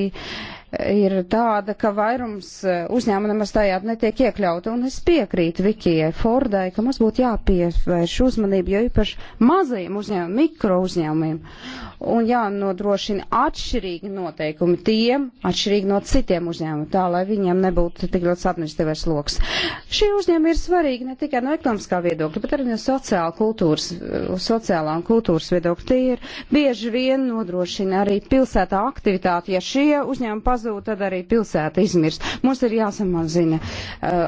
ir tāda, ka vairums e, uzņēmumu nemaz tajā netiek iekļauta. Un es piekrītu Vikijai Fordai, ka mums būtu jāpievērš uzmanība, jo īpaši mazajiem uzņēmumiem, mikro uzņēmumiem. Un jānodrošina atšķirīgi noteikumi tiem, atšķirīgi no citiem uzņēmumiem, tā lai viņiem nebūtu tik ļoti administratīvais loks. Šie uzņēmumi ir svarīgi ne tikai no ekonomiskā viedokļa, bet arī no sociāla kultūras, sociālā un kultūras viedokļa. Tie ir bieži vien nodrošina arī pilsētā aktivitāti, ja šie uzņēmumi pazudīs pazūd, tad arī pilsēta izmirst. Mums ir jāsamazina uh,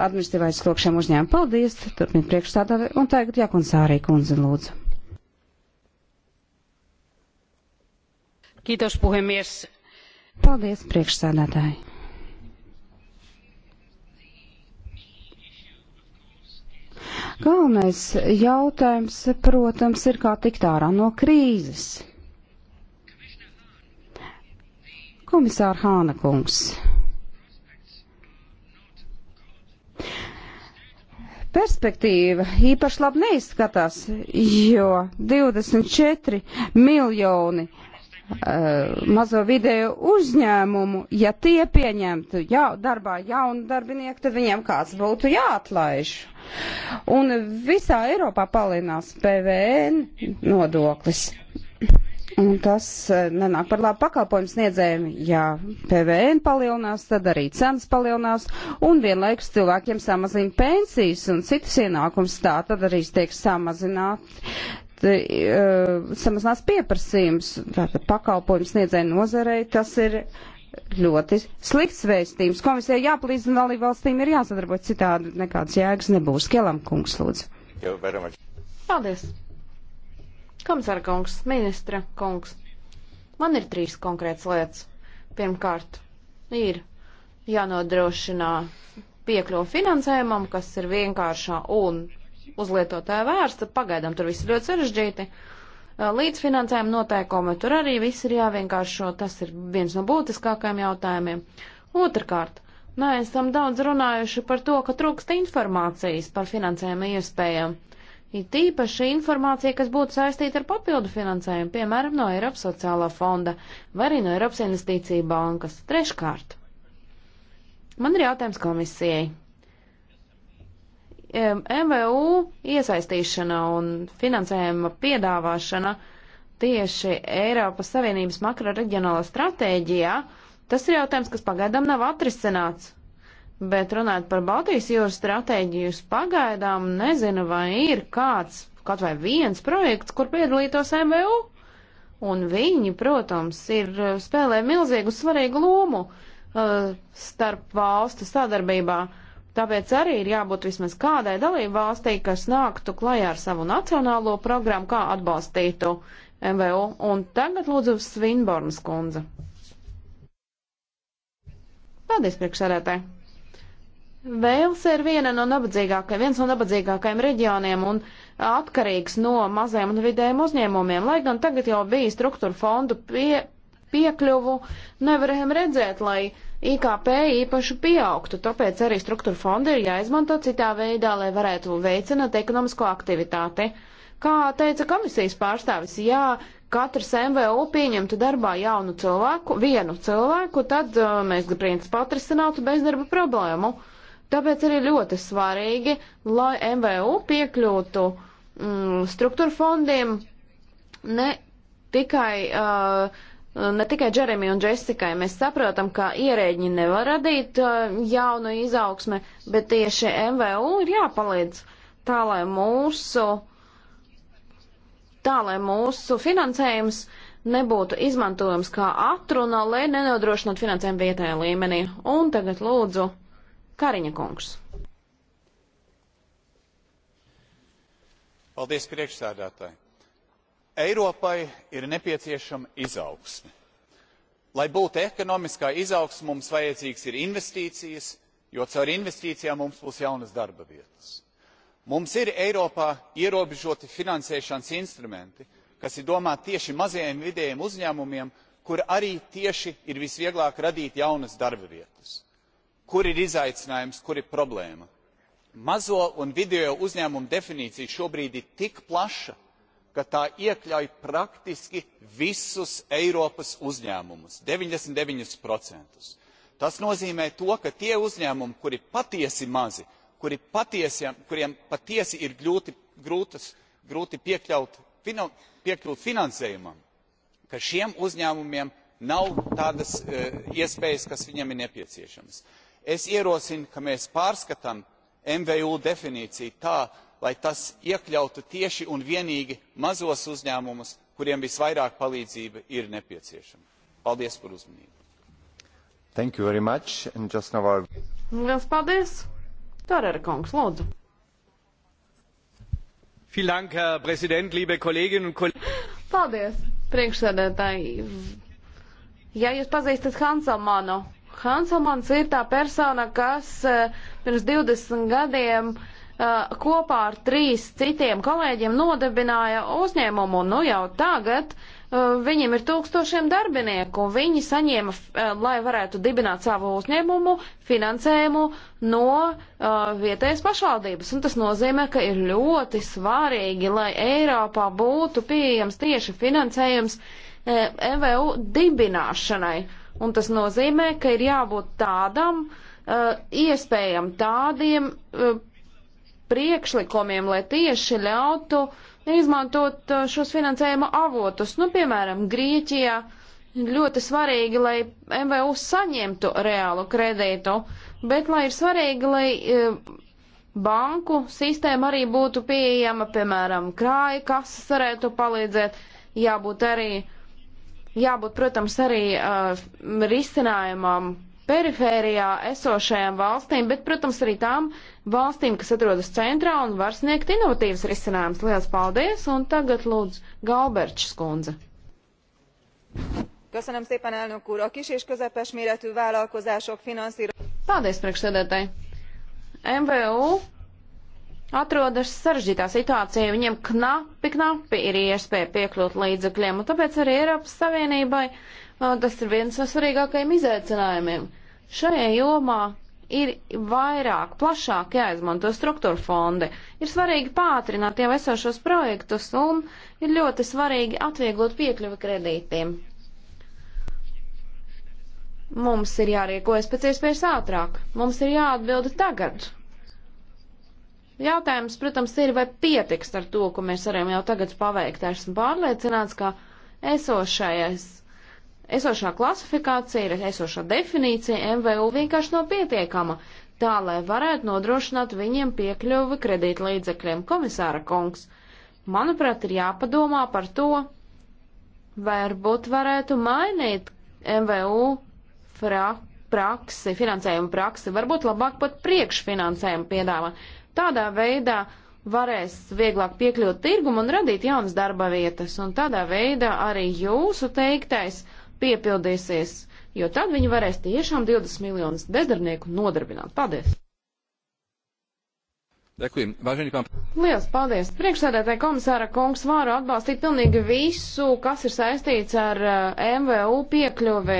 administratīvais slokšiem uzņēmumu. Paldies, turpiniet priekšstādā. Un tagad jākonsārī kundze lūdzu. Kiitos puhemies. Paldies priekšsādātāji. Galvenais jautājums, protams, ir kā tikt ārā no krīzes. Komisāra Hāna kungs. perspektīva īpaši labi neizskatās, jo 24 miljoni uh, mazo vidēju uzņēmumu, ja tie pieņemtu jau, darbā jaunu darbinieku, tad viņiem kāds būtu jāatlaiž. Un visā Eiropā palīnās PVN nodoklis. Tas eh, nenāk par labu pakalpojumu sniedzējiem, ja PVN palielinās, tad arī cenas palielinās, un vienlaikus cilvēkiem samazina pensijas un citas ienākums, tā tad arī tiek samazināt, uh, samazinās pieprasījums. Tātad pakalpojumu sniedzēju nozarei tas ir ļoti slikts vēstījums. Komisija jāpalīdz un dalību valstīm ir jāsadarbojas citādi, nekāds jēgas nebūs. Kelam kungs, lūdzu. Paldies! Komisāra kungs, ministra kungs, man ir trīs konkrētas lietas. Pirmkārt, ir jānodrošinā piekļuvu finansējumam, kas ir vienkāršā un uzlietotāja vērsta. Pagaidām tur viss ir ļoti sarežģīti. Līdzfinansējuma noteikumi tur arī viss ir jāvienkāršo. Tas ir viens no būtiskākajiem jautājumiem. Otrkārt, neesam daudz runājuši par to, ka trūkst informācijas par finansējuma iespējām. Ir tīpaši informācija, kas būtu saistīta ar papildu finansējumu, piemēram, no Eiropas sociālā fonda vai arī no Eiropas investīcija bankas. Treškārt, man ir jautājums komisijai. MVU iesaistīšana un finansējuma piedāvāšana tieši Eiropas Savienības makroreģionālā stratēģijā, tas ir jautājums, kas pagaidām nav atrisināts. Bet runāt par Baltijas jūras stratēģiju, pagaidām nezinu, vai ir kāds, kaut vai viens projekts, kur piedalītos MVU. Un viņi, protams, ir eh, spēlē milzīgu svarīgu lomu uh, starp valstu sadarbībā. Tāpēc arī ir jābūt vismaz kādai dalību valstī, kas nāktu klajā ar savu nacionālo programmu, kā atbalstītu MVU. Un tagad lūdzu Svinbornas kundze. Paldies, priekšsēdētāji! Vēls ir viena no nabadzīgākajiem, viens no nabadzīgākajiem reģioniem un atkarīgs no mazajiem un vidējiem uzņēmumiem. Lai gan tagad jau bija struktūra fondu pie, piekļuvu, nevarējām redzēt, lai IKP īpaši pieaugtu. Tāpēc arī struktūra fondi ir jāizmanto citā veidā, lai varētu veicināt ekonomisko aktivitāti. Kā teica komisijas pārstāvis, jā, katrs MVU pieņemtu darbā jaunu cilvēku, vienu cilvēku, tad uh, mēs principā atrisinātu bezdarba problēmu. Uh, Tāpēc arī ļoti svarīgi, lai MVU piekļūtu mm, struktūra fondiem ne tikai, uh, ne tikai Džeremī un Džesikai. Mēs saprotam, ka ierēģi nevar radīt uh, jaunu izaugsme, bet tieši MVU ir jāpalīdz tā, lai mūsu, tā, lai mūsu finansējums nebūtu izmantojams kā atruna, lai nenodrošinātu finansējumu vietējā līmenī. Un tagad lūdzu Kariņa kungs. Paldies, priekšsēdētāji! Eiropai ir nepieciešama izaugsme. Lai būtu ekonomiskā izaugsme, mums vajadzīgs ir investīcijas, jo caur investīcijām mums būs jaunas darba vietas. Mums ir Eiropā ierobežoti finansēšanas instrumenti, kas ir domāti tieši mazajiem vidējiem uzņēmumiem, kur arī tieši ir visvieglāk radīt jaunas darba vietas kur ir izaicinājums kur ir problēma. mazo un vidējo uzņēmumu definīcija šobrīd ir tik plaša ka tā iekļauj praktiski visus eiropas uzņēmumus ninety nine tas nozīmē to ka tie uzņēmumi kuri patiesi mazi kuri patiesi, kuriem patiesi ir grūti, grūtas, grūti piekļaut, fino, piekļūt finansējumam ka šiem uzņēmumiem nav tādas e, iespējas kas viņiem ir nepieciešamas es ierosinu ka mēs pārskatām mvu definīciju tā lai tas iekļautu tieši un vienīgi mazos uzņēmumus kuriem visvairāk palīdzība ir nepieciešama. paldies par uzmanību! Our... Liels paldies! Tarera kungs, lūdzu! Dank, Herr Präsident, liebe Kolleginnen und Kollegen! Paldies, priekšsēdētāji! Ja jūs pazīstat Hansa Mano, Hanselmans ir tā persona, kas eh, pirms 20 gadiem eh, kopā ar trīs citiem kolēģiem nodibināja uzņēmumu, un nu jau tagad eh, viņiem ir tūkstošiem darbinieku, un viņi saņēma, lai varētu dibināt savu uzņēmumu, finansējumu no vietējas pašvaldības. Un tas nozīmē, ka ir ļoti svarīgi, lai Eiropā būtu pieejams tieši finansējums MVU dibināšanai. Un tas nozīmē, ka ir jābūt tādam, uh, iespējam tādiem uh, priekšlikumiem, lai tieši ļautu izmantot uh, šos finansējuma avotus. Nu, piemēram, Grieķijā ļoti svarīgi, lai MVU saņemtu reālu kredītu, bet lai ir svarīgi, lai banku sistēma arī būtu pieejama, piemēram, krāja, kas varētu palīdzēt, jābūt arī jābūt, protams, arī uh, risinājumam perifērijā esošajām valstīm, bet, protams, arī tām valstīm, kas atrodas centrā un var sniegt inovatīvas risinājumus. Lielas paldies! Un tagad lūdzu Galberčs kundze. Köszönöm szépen, elnök úr! A kis és közepes méretű vállalkozások finanszírozása. Paldies, priekšsēdētāji! MVU atrodas sarežģītā situācijā, viņiem knapi, knapi ir iespēja piekļūt līdzekļiem, un tāpēc arī Eiropas Savienībai uh, tas ir viens no svarīgākajiem izaicinājumiem. Šajā jomā ir vairāk, plašāk jāizmanto struktūra fondi. Ir svarīgi pātrināt jau esošos projektus un ir ļoti svarīgi atvieglot piekļuvi kredītiem. Mums ir jārīkojas pēc iespējas ātrāk. Mums ir jāatbilda tagad. Jautājums, protams, ir, vai pietiks ar to, ko mēs varam jau tagad paveikt. Esmu pārliecināts, ka esošais, esošā klasifikācija, ir esošā definīcija MVU vienkārši nav pietiekama, tā lai varētu nodrošināt viņiem piekļuvi kredītlīdzekļiem. Komisāra kungs, manuprāt, ir jāpadomā par to, varbūt varētu mainīt MVU fra, praksi, finansējumu praksi, varbūt labāk pat priekšfinansējumu piedāvā. Tādā veidā varēs vieglāk piekļūt tirgumu un radīt jaunas darba vietas, un tādā veidā arī jūsu teiktais piepildīsies, jo tad viņi varēs tiešām 20 miljonus bezdarbnieku nodarbināt. Paldies! Ďakujem. Vážený pán... Lielas paldies. Priekšsēdētāji komisāra kungs vāru atbalstīt pilnīgi visu, kas ir saistīts ar eh, MVU piekļuvi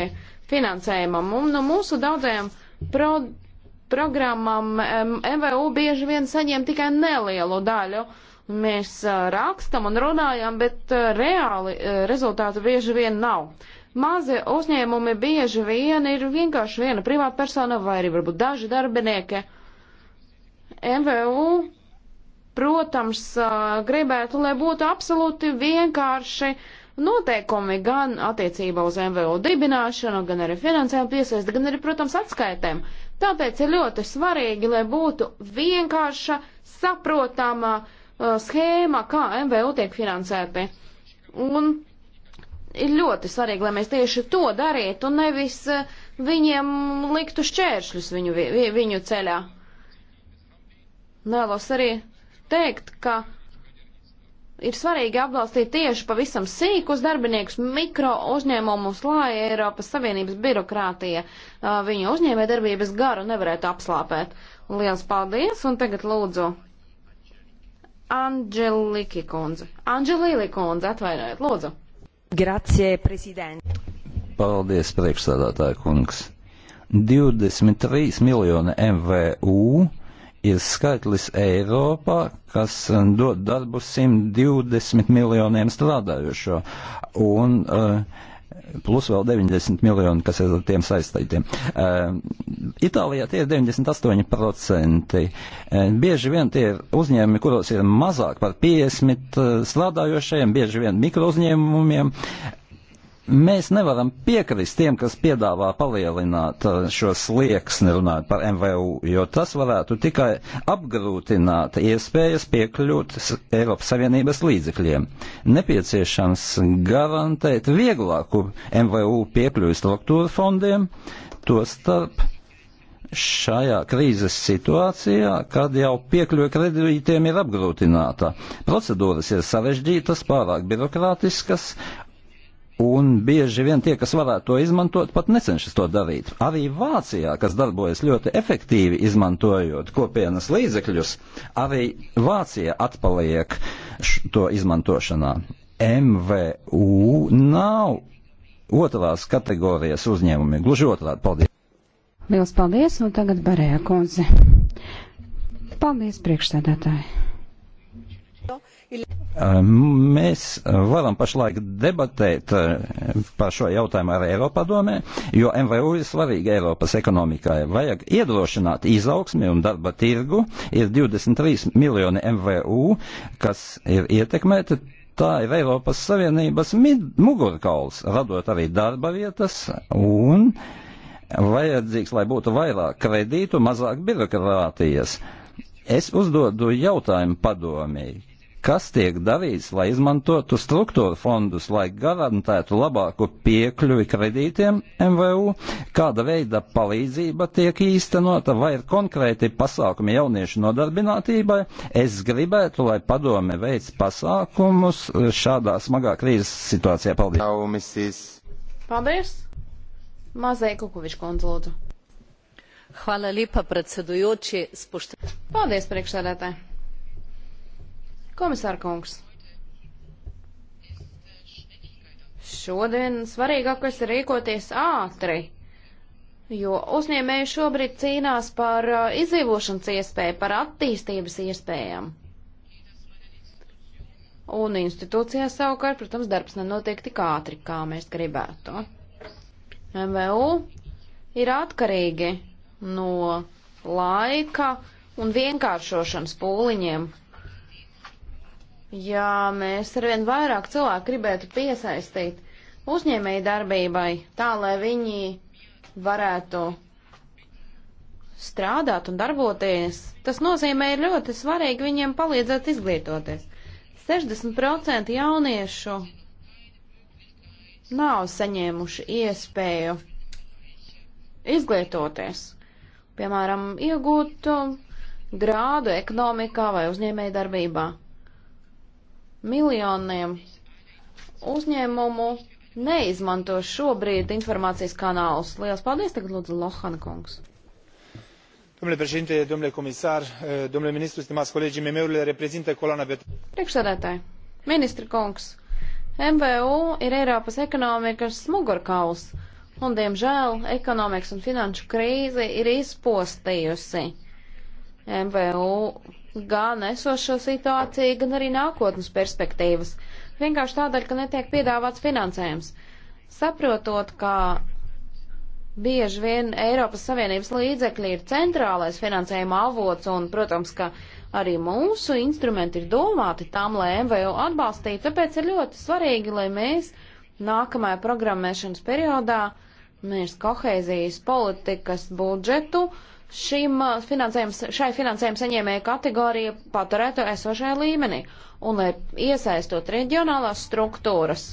finansējumam. Un no mūsu daudzajiem pro programmām MVU bieži vien saņem tikai nelielu daļu. Mēs eh, rakstam un runājam, bet eh, reāli eh, rezultātu bieži vien nav. Mazie uzņēmumi bieži vien ir vienkārši viena privāta persona vai arī varbūt daži darbinieki. MVU, protams, gribētu, lai būtu absolūti vienkārši uh, noteikumi gan attiecībā uz MVO dibināšanu, gan arī finansējumu piesaisti, gan arī, protams, atskaitēm. Tāpēc ir ļoti svarīgi, lai būtu vienkārša, saprotama uh, schēma, kā MVU tiek finansēti. Un ir ļoti svarīgi, lai mēs tieši to darītu un nevis uh, viņiem liktu šķēršļus viņu, vi, viņu ceļā. Nelos arī teikt, ka ir svarīgi atbalstīt tieši pavisam sīkus darbiniekus, mikro uzņēmumus, lai Eiropas Savienības birokrātija uh, viņu uzņēmē darbības garu nevarētu apslāpēt. Liels paldies, un tagad lūdzu Anģeliki kundze. Anģelīli kundze, atvainojiet, lūdzu. Grazie, prezident. Paldies, priekšstādātāja kungs. 23 miljoni MVU ir skaitlis Eiropā, kas um, dod darbu 120 miljoniem strādājušo, un uh, plus vēl 90 miljoni, kas ir ar tiem saistītiem. Uh, Itālijā tie ir 98%. Uh, bieži vien tie ir uzņēmumi, kuros ir mazāk par 50 uh, strādājošajiem, bieži vien mikro uzņēmumiem. Uh, Mēs nevaram piekrist tiem, kas piedāvā palielināt uh, šo slieksni runājot par MVU, jo tas varētu tikai apgrūtināt iespējas piekļūt Eiropas Savienības līdzekļiem. Nepieciešams garantēt vieglāku MVU piekļuvi struktūra fondiem, to starp šajā krīzes situācijā, kad jau piekļuve kredītiem ir apgrūtināta. Procedūras ir sarežģītas, pārāk birokrātiskas, Un bieži vien tie, kas varētu to izmantot, pat necenšas to darīt. Arī Vācijā, kas darbojas ļoti efektīvi izmantojot kopienas līdzekļus, arī Vācija atpaliek to izmantošanā. MVU nav otrās kategorijas uzņēmumi. Gluži otrādi, paldies. Liels paldies, un tagad Barēja kundze. Paldies, priekšsēdētāji. Uh, mēs uh, varam pašlaik debatēt uh, par šo jautājumu ar Eiropadomē, jo MVU ir svarīga Eiropas ekonomikai. Vajag iedrošināt izaugsmi un darba tirgu. Ir 23 miljoni MVU, kas ir ietekmēti Tā ir Eiropas Savienības mugurkauls, radot arī darba vietas un vajadzīgs, lai būtu vairāk kredītu, mazāk birokrātijas. Es uzdodu jautājumu padomēji, kas tiek darīts, lai izmantotu struktūra fondus, lai garantētu labāku piekļuvi kredītiem MVU, kāda veida palīdzība tiek īstenota, vai ir konkrēti pasākumi jauniešu nodarbinātībai. Es gribētu, lai padome veic pasākumus šādā smagā krīzes situācijā. Paldies! Paldies! Mazai Kukoviča kundze, lūdzu. Hvala lepa, predsedujoči, spoštovani. Paldies, priekšsēdētāji. Komisāra kungs, šodien svarīgākais ir rīkoties ātri, jo uzņēmēji šobrīd cīnās par uh, izdzīvošanas iespēju, par attīstības iespējām. Un institūcijā savukārt, protams, darbs nenotiek tik ātri, kā mēs gribētu. MVU ir atkarīgi no laika un vienkāršošanas pūliņiem, ja mēs arvien vairāk cilvēku gribētu piesaistīt uzņēmēju darbībai, tā lai viņi varētu strādāt un darboties, tas nozīmē ir ļoti svarīgi viņiem palīdzēt izglītoties. 60% jauniešu nav saņēmuši iespēju izglītoties, piemēram, iegūt grādu ekonomikā vai uzņēmējdarbībā miljoniem uzņēmumu neizmanto šobrīd informācijas kanālus. Lielas paldies, tagad lūdzu Lohana kungs. Domnule președinte, domnule comisar, eh, domnule ministru, stimați colegi, MMU-urile reprezintă coloana vertebrală. Priekšsēdētāji, ministra kungs, MVU ir Eiropas ekonomikas smugurkauls, un, diemžēl, ekonomikas un finanšu krīze ir izpostījusi MVU gan esošo situāciju, gan arī nākotnes perspektīvas. Vienkārši tādēļ, ka netiek piedāvāts finansējums. Saprotot, ka bieži vien Eiropas Savienības līdzekļi ir centrālais finansējuma avots un, protams, ka arī mūsu instrumenti ir domāti tam, lai MVO atbalstītu, tāpēc ir ļoti svarīgi, lai mēs nākamajā programmēšanas periodā mēs kohēzijas politikas budžetu uh, šim uh, finansējums, šai finansējuma saņēmēja kategorija paturētu esošajā līmenī. Un lai iesaistot reģionālās struktūras,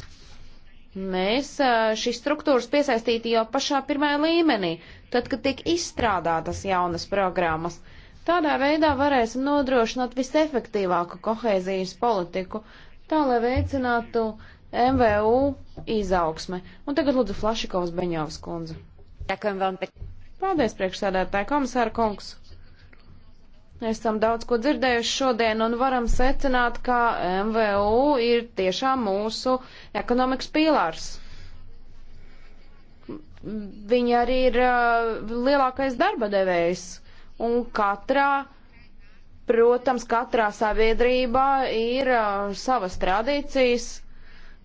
mēs uh, šīs struktūras piesaistītu jau pašā pirmajā līmenī, tad, kad tiek izstrādātas jaunas programmas. Tādā veidā varēsim nodrošināt visefektīvāku kohēzijas politiku, tā lai veicinātu MVU izaugsme. Un tagad lūdzu Flašikovs Beņovs kundze. Ďakujem veľmi pekne. Paldies, priekšsēdētāji komisāra kungs. Esam daudz ko dzirdējuši šodien un varam secināt, ka MVU ir tiešām mūsu ekonomikas pīlārs. Viņi arī ir uh, lielākais darba devējs. Un katrā, protams, katrā sabiedrībā ir uh, savas tradīcijas,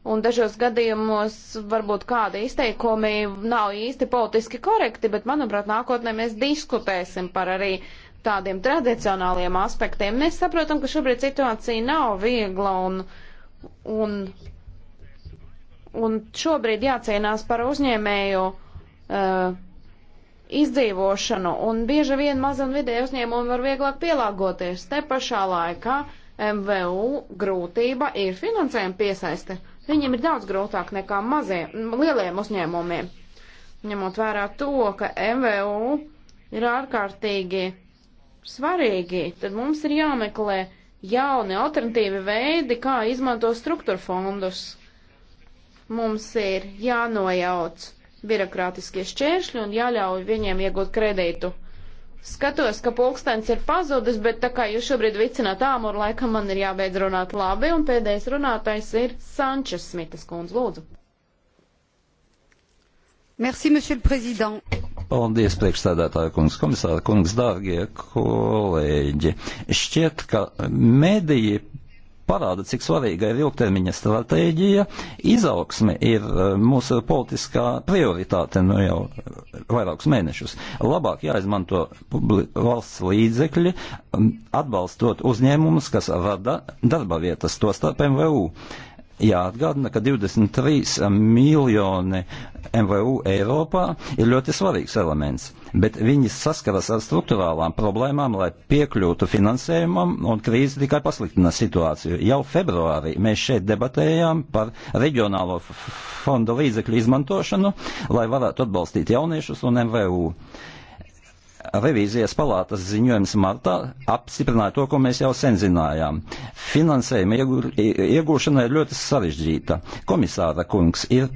Un dažos gadījumos varbūt kādi izteikumi nav īsti politiski korekti, bet, manuprāt, nākotnē mēs diskutēsim par arī tādiem tradicionāliem aspektiem. Mēs saprotam, ka šobrīd situācija nav viegla un, un, un šobrīd jācīnās par uzņēmēju uh, izdzīvošanu, un bieži vien maz un vidēji uzņēmumi var vieglāk pielāgoties. Te pašā laikā MVU grūtība ir finansējuma piesaiste. Viņiem ir daudz grūtāk nekā maziem, lieliem uzņēmumiem, ņemot vērā to, ka MVU ir ārkārtīgi svarīgi, tad mums ir jāmeklē jauni alternatīvi veidi, kā izmanto struktūra fondus. Mums ir jānojauc birokrātiskie šķēršļi un jāļauj viņiem iegūt kredītu. Skatos, ka pulkstens ir pazudis, bet tā kā jūs šobrīd vicināt āmuru, laikam man ir jābeidz runāt labi, un pēdējais runātais ir Sančes Smitas kundze, lūdzu. Merci, monsieur le président. Paldies, priekšstādātāja kungs, komisāra kungs, dārgie kolēģi. Šķiet, ka mediji parāda, cik svarīga ir ilgtermiņa stratēģija. Izaugsme ir e, mūsu politiskā prioritāte nu jau vairākus mēnešus. Labāk jāizmanto valsts līdzekļi, atbalstot uzņēmumus, kas rada darba vietas, to starp MVU. Uh, Jāatgādina, ka 23 miljoni MVU Eiropā ir ļoti svarīgs elements, bet viņi saskaras ar struktūrālām problēmām, lai piekļūtu finansējumam, un krīze tikai pasliktina situāciju. Jau februārī mēs šeit debatējām par reģionālo fondu līdzekļu izmantošanu, lai varētu atbalstīt jauniešus un MVU revīzijas palātas ziņojums martā apstiprināja to, ko mēs jau sen zinājām. Finansējuma iegūšana ir ļoti sarežģīta. Komisāra kungs ir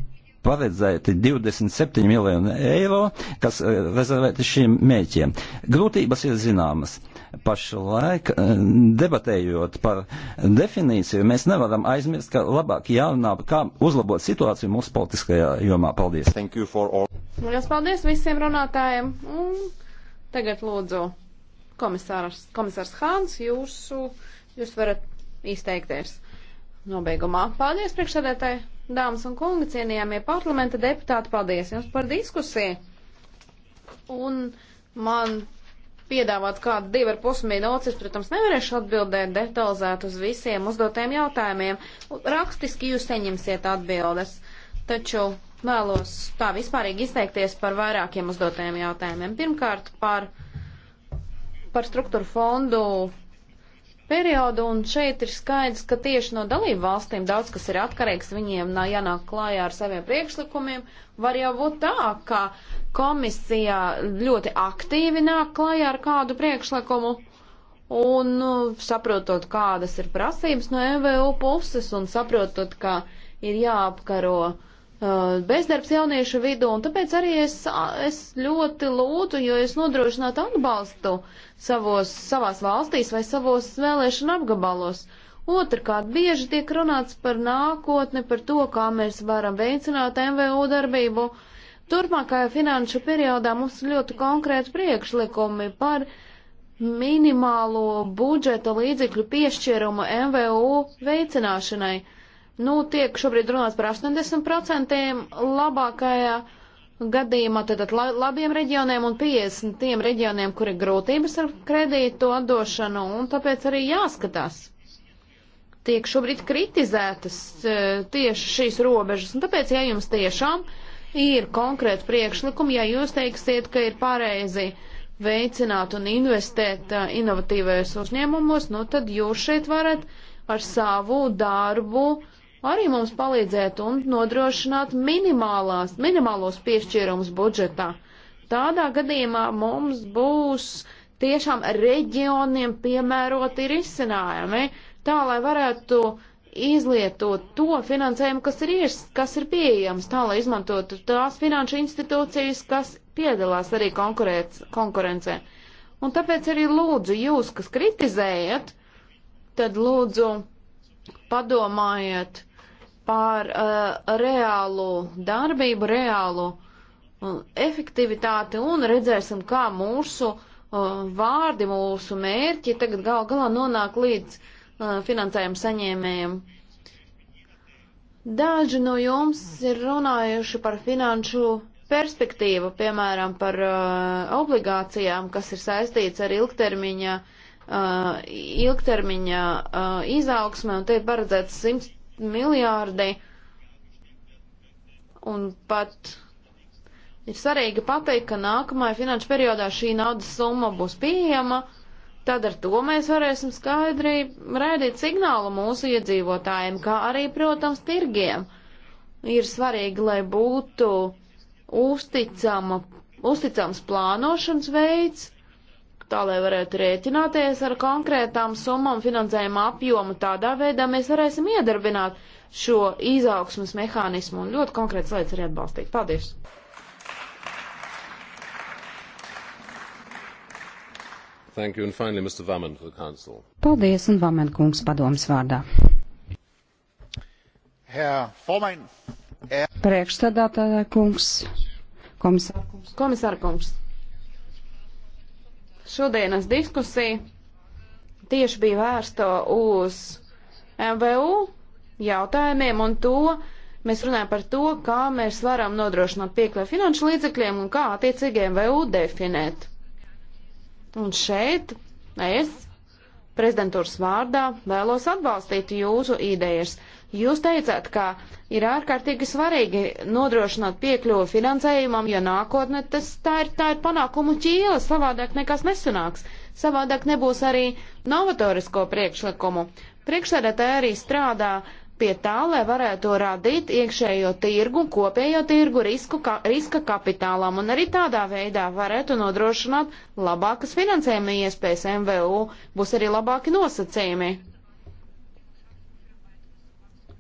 paredzēti 27 miljoni eiro, kas e, rezervēti šiem mēķiem. Grūtības ir zināmas. Pašlaik e, debatējot par definīciju, mēs nevaram aizmirst, ka labāk jārunā, kā uzlabot situāciju mūsu politiskajā jomā. Paldies! All... Lielas paldies visiem runātājiem! Un... Tagad lūdzu komisārs, komisārs Hāns, jūsu, jūs varat izteikties. Nobeigumā paldies priekšsēdētāji, dāmas un kungi, cienījamie parlamenta deputāti, paldies jums par diskusiju. Un man piedāvāt kādu divu ar pus minūtes, protams, nevarēšu atbildēt detalizēt uz visiem uzdotiem jautājumiem. Rakstiski jūs saņemsiet atbildes taču vēlos tā vispārīgi izteikties par vairākiem uzdotajiem jautājumiem. Pirmkārt, par, par struktūru fondu periodu, un šeit ir skaidrs, ka tieši no dalību valstīm daudz kas ir atkarīgs, viņiem nav jānāk klājā ar saviem priekšlikumiem. Var jau būt tā, ka komisija ļoti aktīvi nāk klājā ar kādu priekšlikumu, un nu, saprotot, kādas ir prasības no MVU puses, un saprotot, ka ir jāapkaro uh, Uh, bezdarbs jauniešu vidū, un tāpēc arī es, es ļoti lūdzu, jo es nodrošinātu atbalstu savos, savās valstīs vai savos vēlēšana apgabalos. Otrkārt, bieži tiek runāts par nākotni, par to, kā mēs varam veicināt MVU darbību. Turpmākajā finanšu periodā mums ir ļoti konkrēti priekšlikumi par minimālo budžeta līdzekļu piešķirumu MVU veicināšanai. Nu, tiek šobrīd runāts par 80% labākajā gadījumā, tātad labiem reģioniem un 50 tiem reģioniem, kur ir grūtības ar kredītu atdošanu, un tāpēc arī jāskatās. Tiek šobrīd kritizētas e, tieši šīs robežas, un tāpēc, ja jums tiešām ir konkrēti priekšlikumi, ja jūs teiksiet, ka ir pareizi veicināt un investēt e, inovatīvajos uzņēmumos, nu tad jūs šeit varat ar savu darbu uh, arī mums palīdzētu un nodrošināt minimālās, minimālos piešķīrumus budžetā. Tādā gadījumā mums būs tiešām reģioniem piemēroti risinājumi, tā lai varētu izlietot to finansējumu, kas ir, kas ir pieejams, tā lai izmantotu tās finanšu institūcijas, kas piedalās arī konkurencē. Un tāpēc arī lūdzu jūs, kas kritizējat, tad lūdzu padomājiet par uh, reālu darbību, reālu uh, efektivitāti un redzēsim, kā mūsu uh, vārdi, mūsu mērķi tagad gal galā nonāk līdz uh, finansējumu saņēmējiem. Daži no jums ir runājuši par finanšu perspektīvu, piemēram, par uh, obligācijām, kas ir saistīts ar ilgtermiņa, uh, ilgtermiņa uh, izaugsmē, un te ir paredzēts 100 miljārdi. Un pat ir svarīgi pateikt, ka nākamajā finanšu periodā šī naudas summa būs pieejama. Tad ar to mēs varēsim skaidri rādīt signālu mūsu iedzīvotājiem, kā arī, protams, tirgiem. Ir svarīgi, lai būtu uzticama, uzticams plānošanas veids, tā, lai varētu rēķināties ar konkrētām summām finansējuma apjomu. Tādā veidā mēs varēsim iedarbināt šo izaugsmas mehānismu un ļoti konkrētas lietas arī atbalstīt. Paldies! Thank you, and finally, Mr. Vaman for the Council. Paldies, un Vaman kungs padomas vārdā. Herr Formann. Er- Priekšstādātāja kungs, komisāra kungs. Komisāra kungs. Šodienas diskusija tieši bija vērsta uz MVU jautājumiem un to, mēs runājam par to, kā mēs varam nodrošināt piekļuvi finanšu līdzekļiem un kā attiecīgiem MVU definēt. Un šeit es prezidentūras vārdā vēlos atbalstīt jūsu idejas. Jūs teicāt, ka ir ārkārtīgi svarīgi nodrošināt piekļuvu finansējumam, jo nākotnē tas tā ir, tā ir panākumu ķīla, savādāk nekas nesanāks, savādāk nebūs arī novatorisko priekšlikumu. Priekšsēdētāji arī strādā pie tā, lai varētu radīt iekšējo tirgu, kopējo tirgu risku, ka, riska kapitālam un arī tādā veidā varētu nodrošināt labākas finansējuma iespējas MVU, būs arī labāki nosacījumi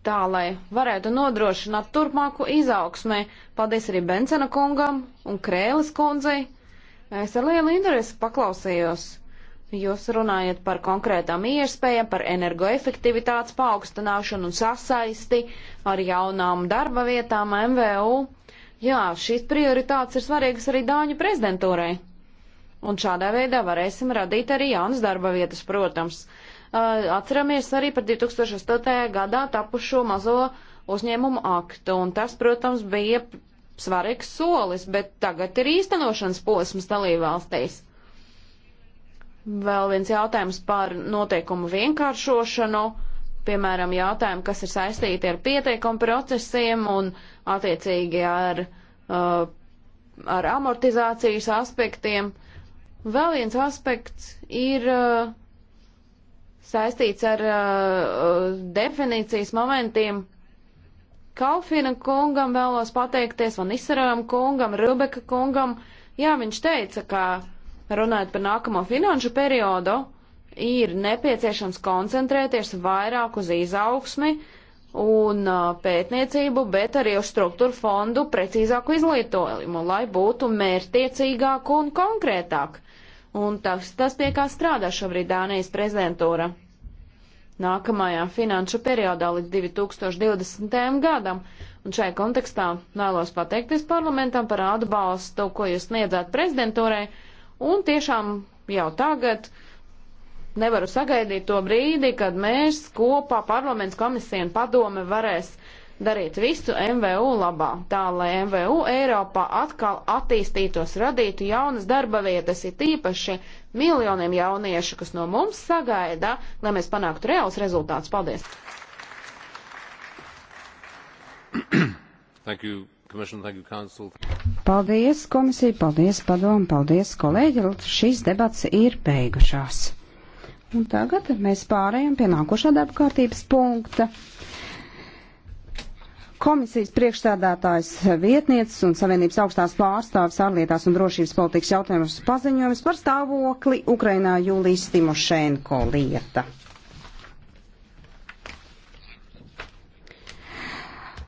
tā, lai varētu nodrošināt turpmāku izaugsmē. Paldies arī Bencena kungam un Krēlis kundzei. Es ar lielu interesi paklausījos. Jūs runājat par konkrētām iespējām, par energoefektivitātes paaugstināšanu un sasaisti ar jaunām darba vietām MVU. Jā, šīs prioritātes ir svarīgas arī Dāņu prezidentūrai. Un šādā veidā varēsim radīt arī jaunas darba vietas, protams. Uh, Eh, atceramies arī par 2008. gadā tapušo mazo uzņēmumu aktu, un tas, protams, bija svarīgs solis, bet tagad ir īstenošanas posms dalībvalstīs. Vēl viens jautājums par noteikumu vienkāršošanu, piemēram, jautājumu, kas ir saistīti ar pieteikumu procesiem un attiecīgi ar, uh, ar amortizācijas aspektiem. Vēl viens aspekts ir uh, saistīts ar uh, definīcijas momentiem. Kalfina kungam vēlos pateikties, Van Isarojam kungam, Rubeka kungam. Jā, viņš teica, ka runājot par nākamo finanšu periodu, ir nepieciešams koncentrēties vairāk uz izaugsmi un uh, pētniecību, bet arī uz struktūru fondu precīzāku izlietojumu, lai būtu mērtiecīgāk un konkrētāk un tas, tas pie kā strādā šobrīd Dānijas prezidentūra. Nākamajā finanšu periodā līdz 2020. gadam, un šajā kontekstā vēlos pateikties parlamentam par atbalstu, ko jūs sniedzāt prezidentūrai, un tiešām jau tagad nevaru sagaidīt to brīdi, kad mēs kopā parlaments komisija un padome varēs uh, darīt visu MVU labā, tā lai MVU Eiropā atkal attīstītos, radītu jaunas darba vietas, ir tīpaši miljoniem jauniešu, kas no mums sagaida, lai mēs panāktu reāls rezultāts. Paldies! Thank you. Paldies, komisija, paldies, padomu, paldies, kolēģi. Šīs debats ir beigušās. Un tagad mēs pārējām pie nākošā darba kārtības punkta. Komisijas priekšstādātājs eh, vietnieces un Savienības augstās pārstāvis ārlietās un drošības politikas jautājumus paziņojums par stāvokli Ukrainā Jūlijas Timošenko lieta.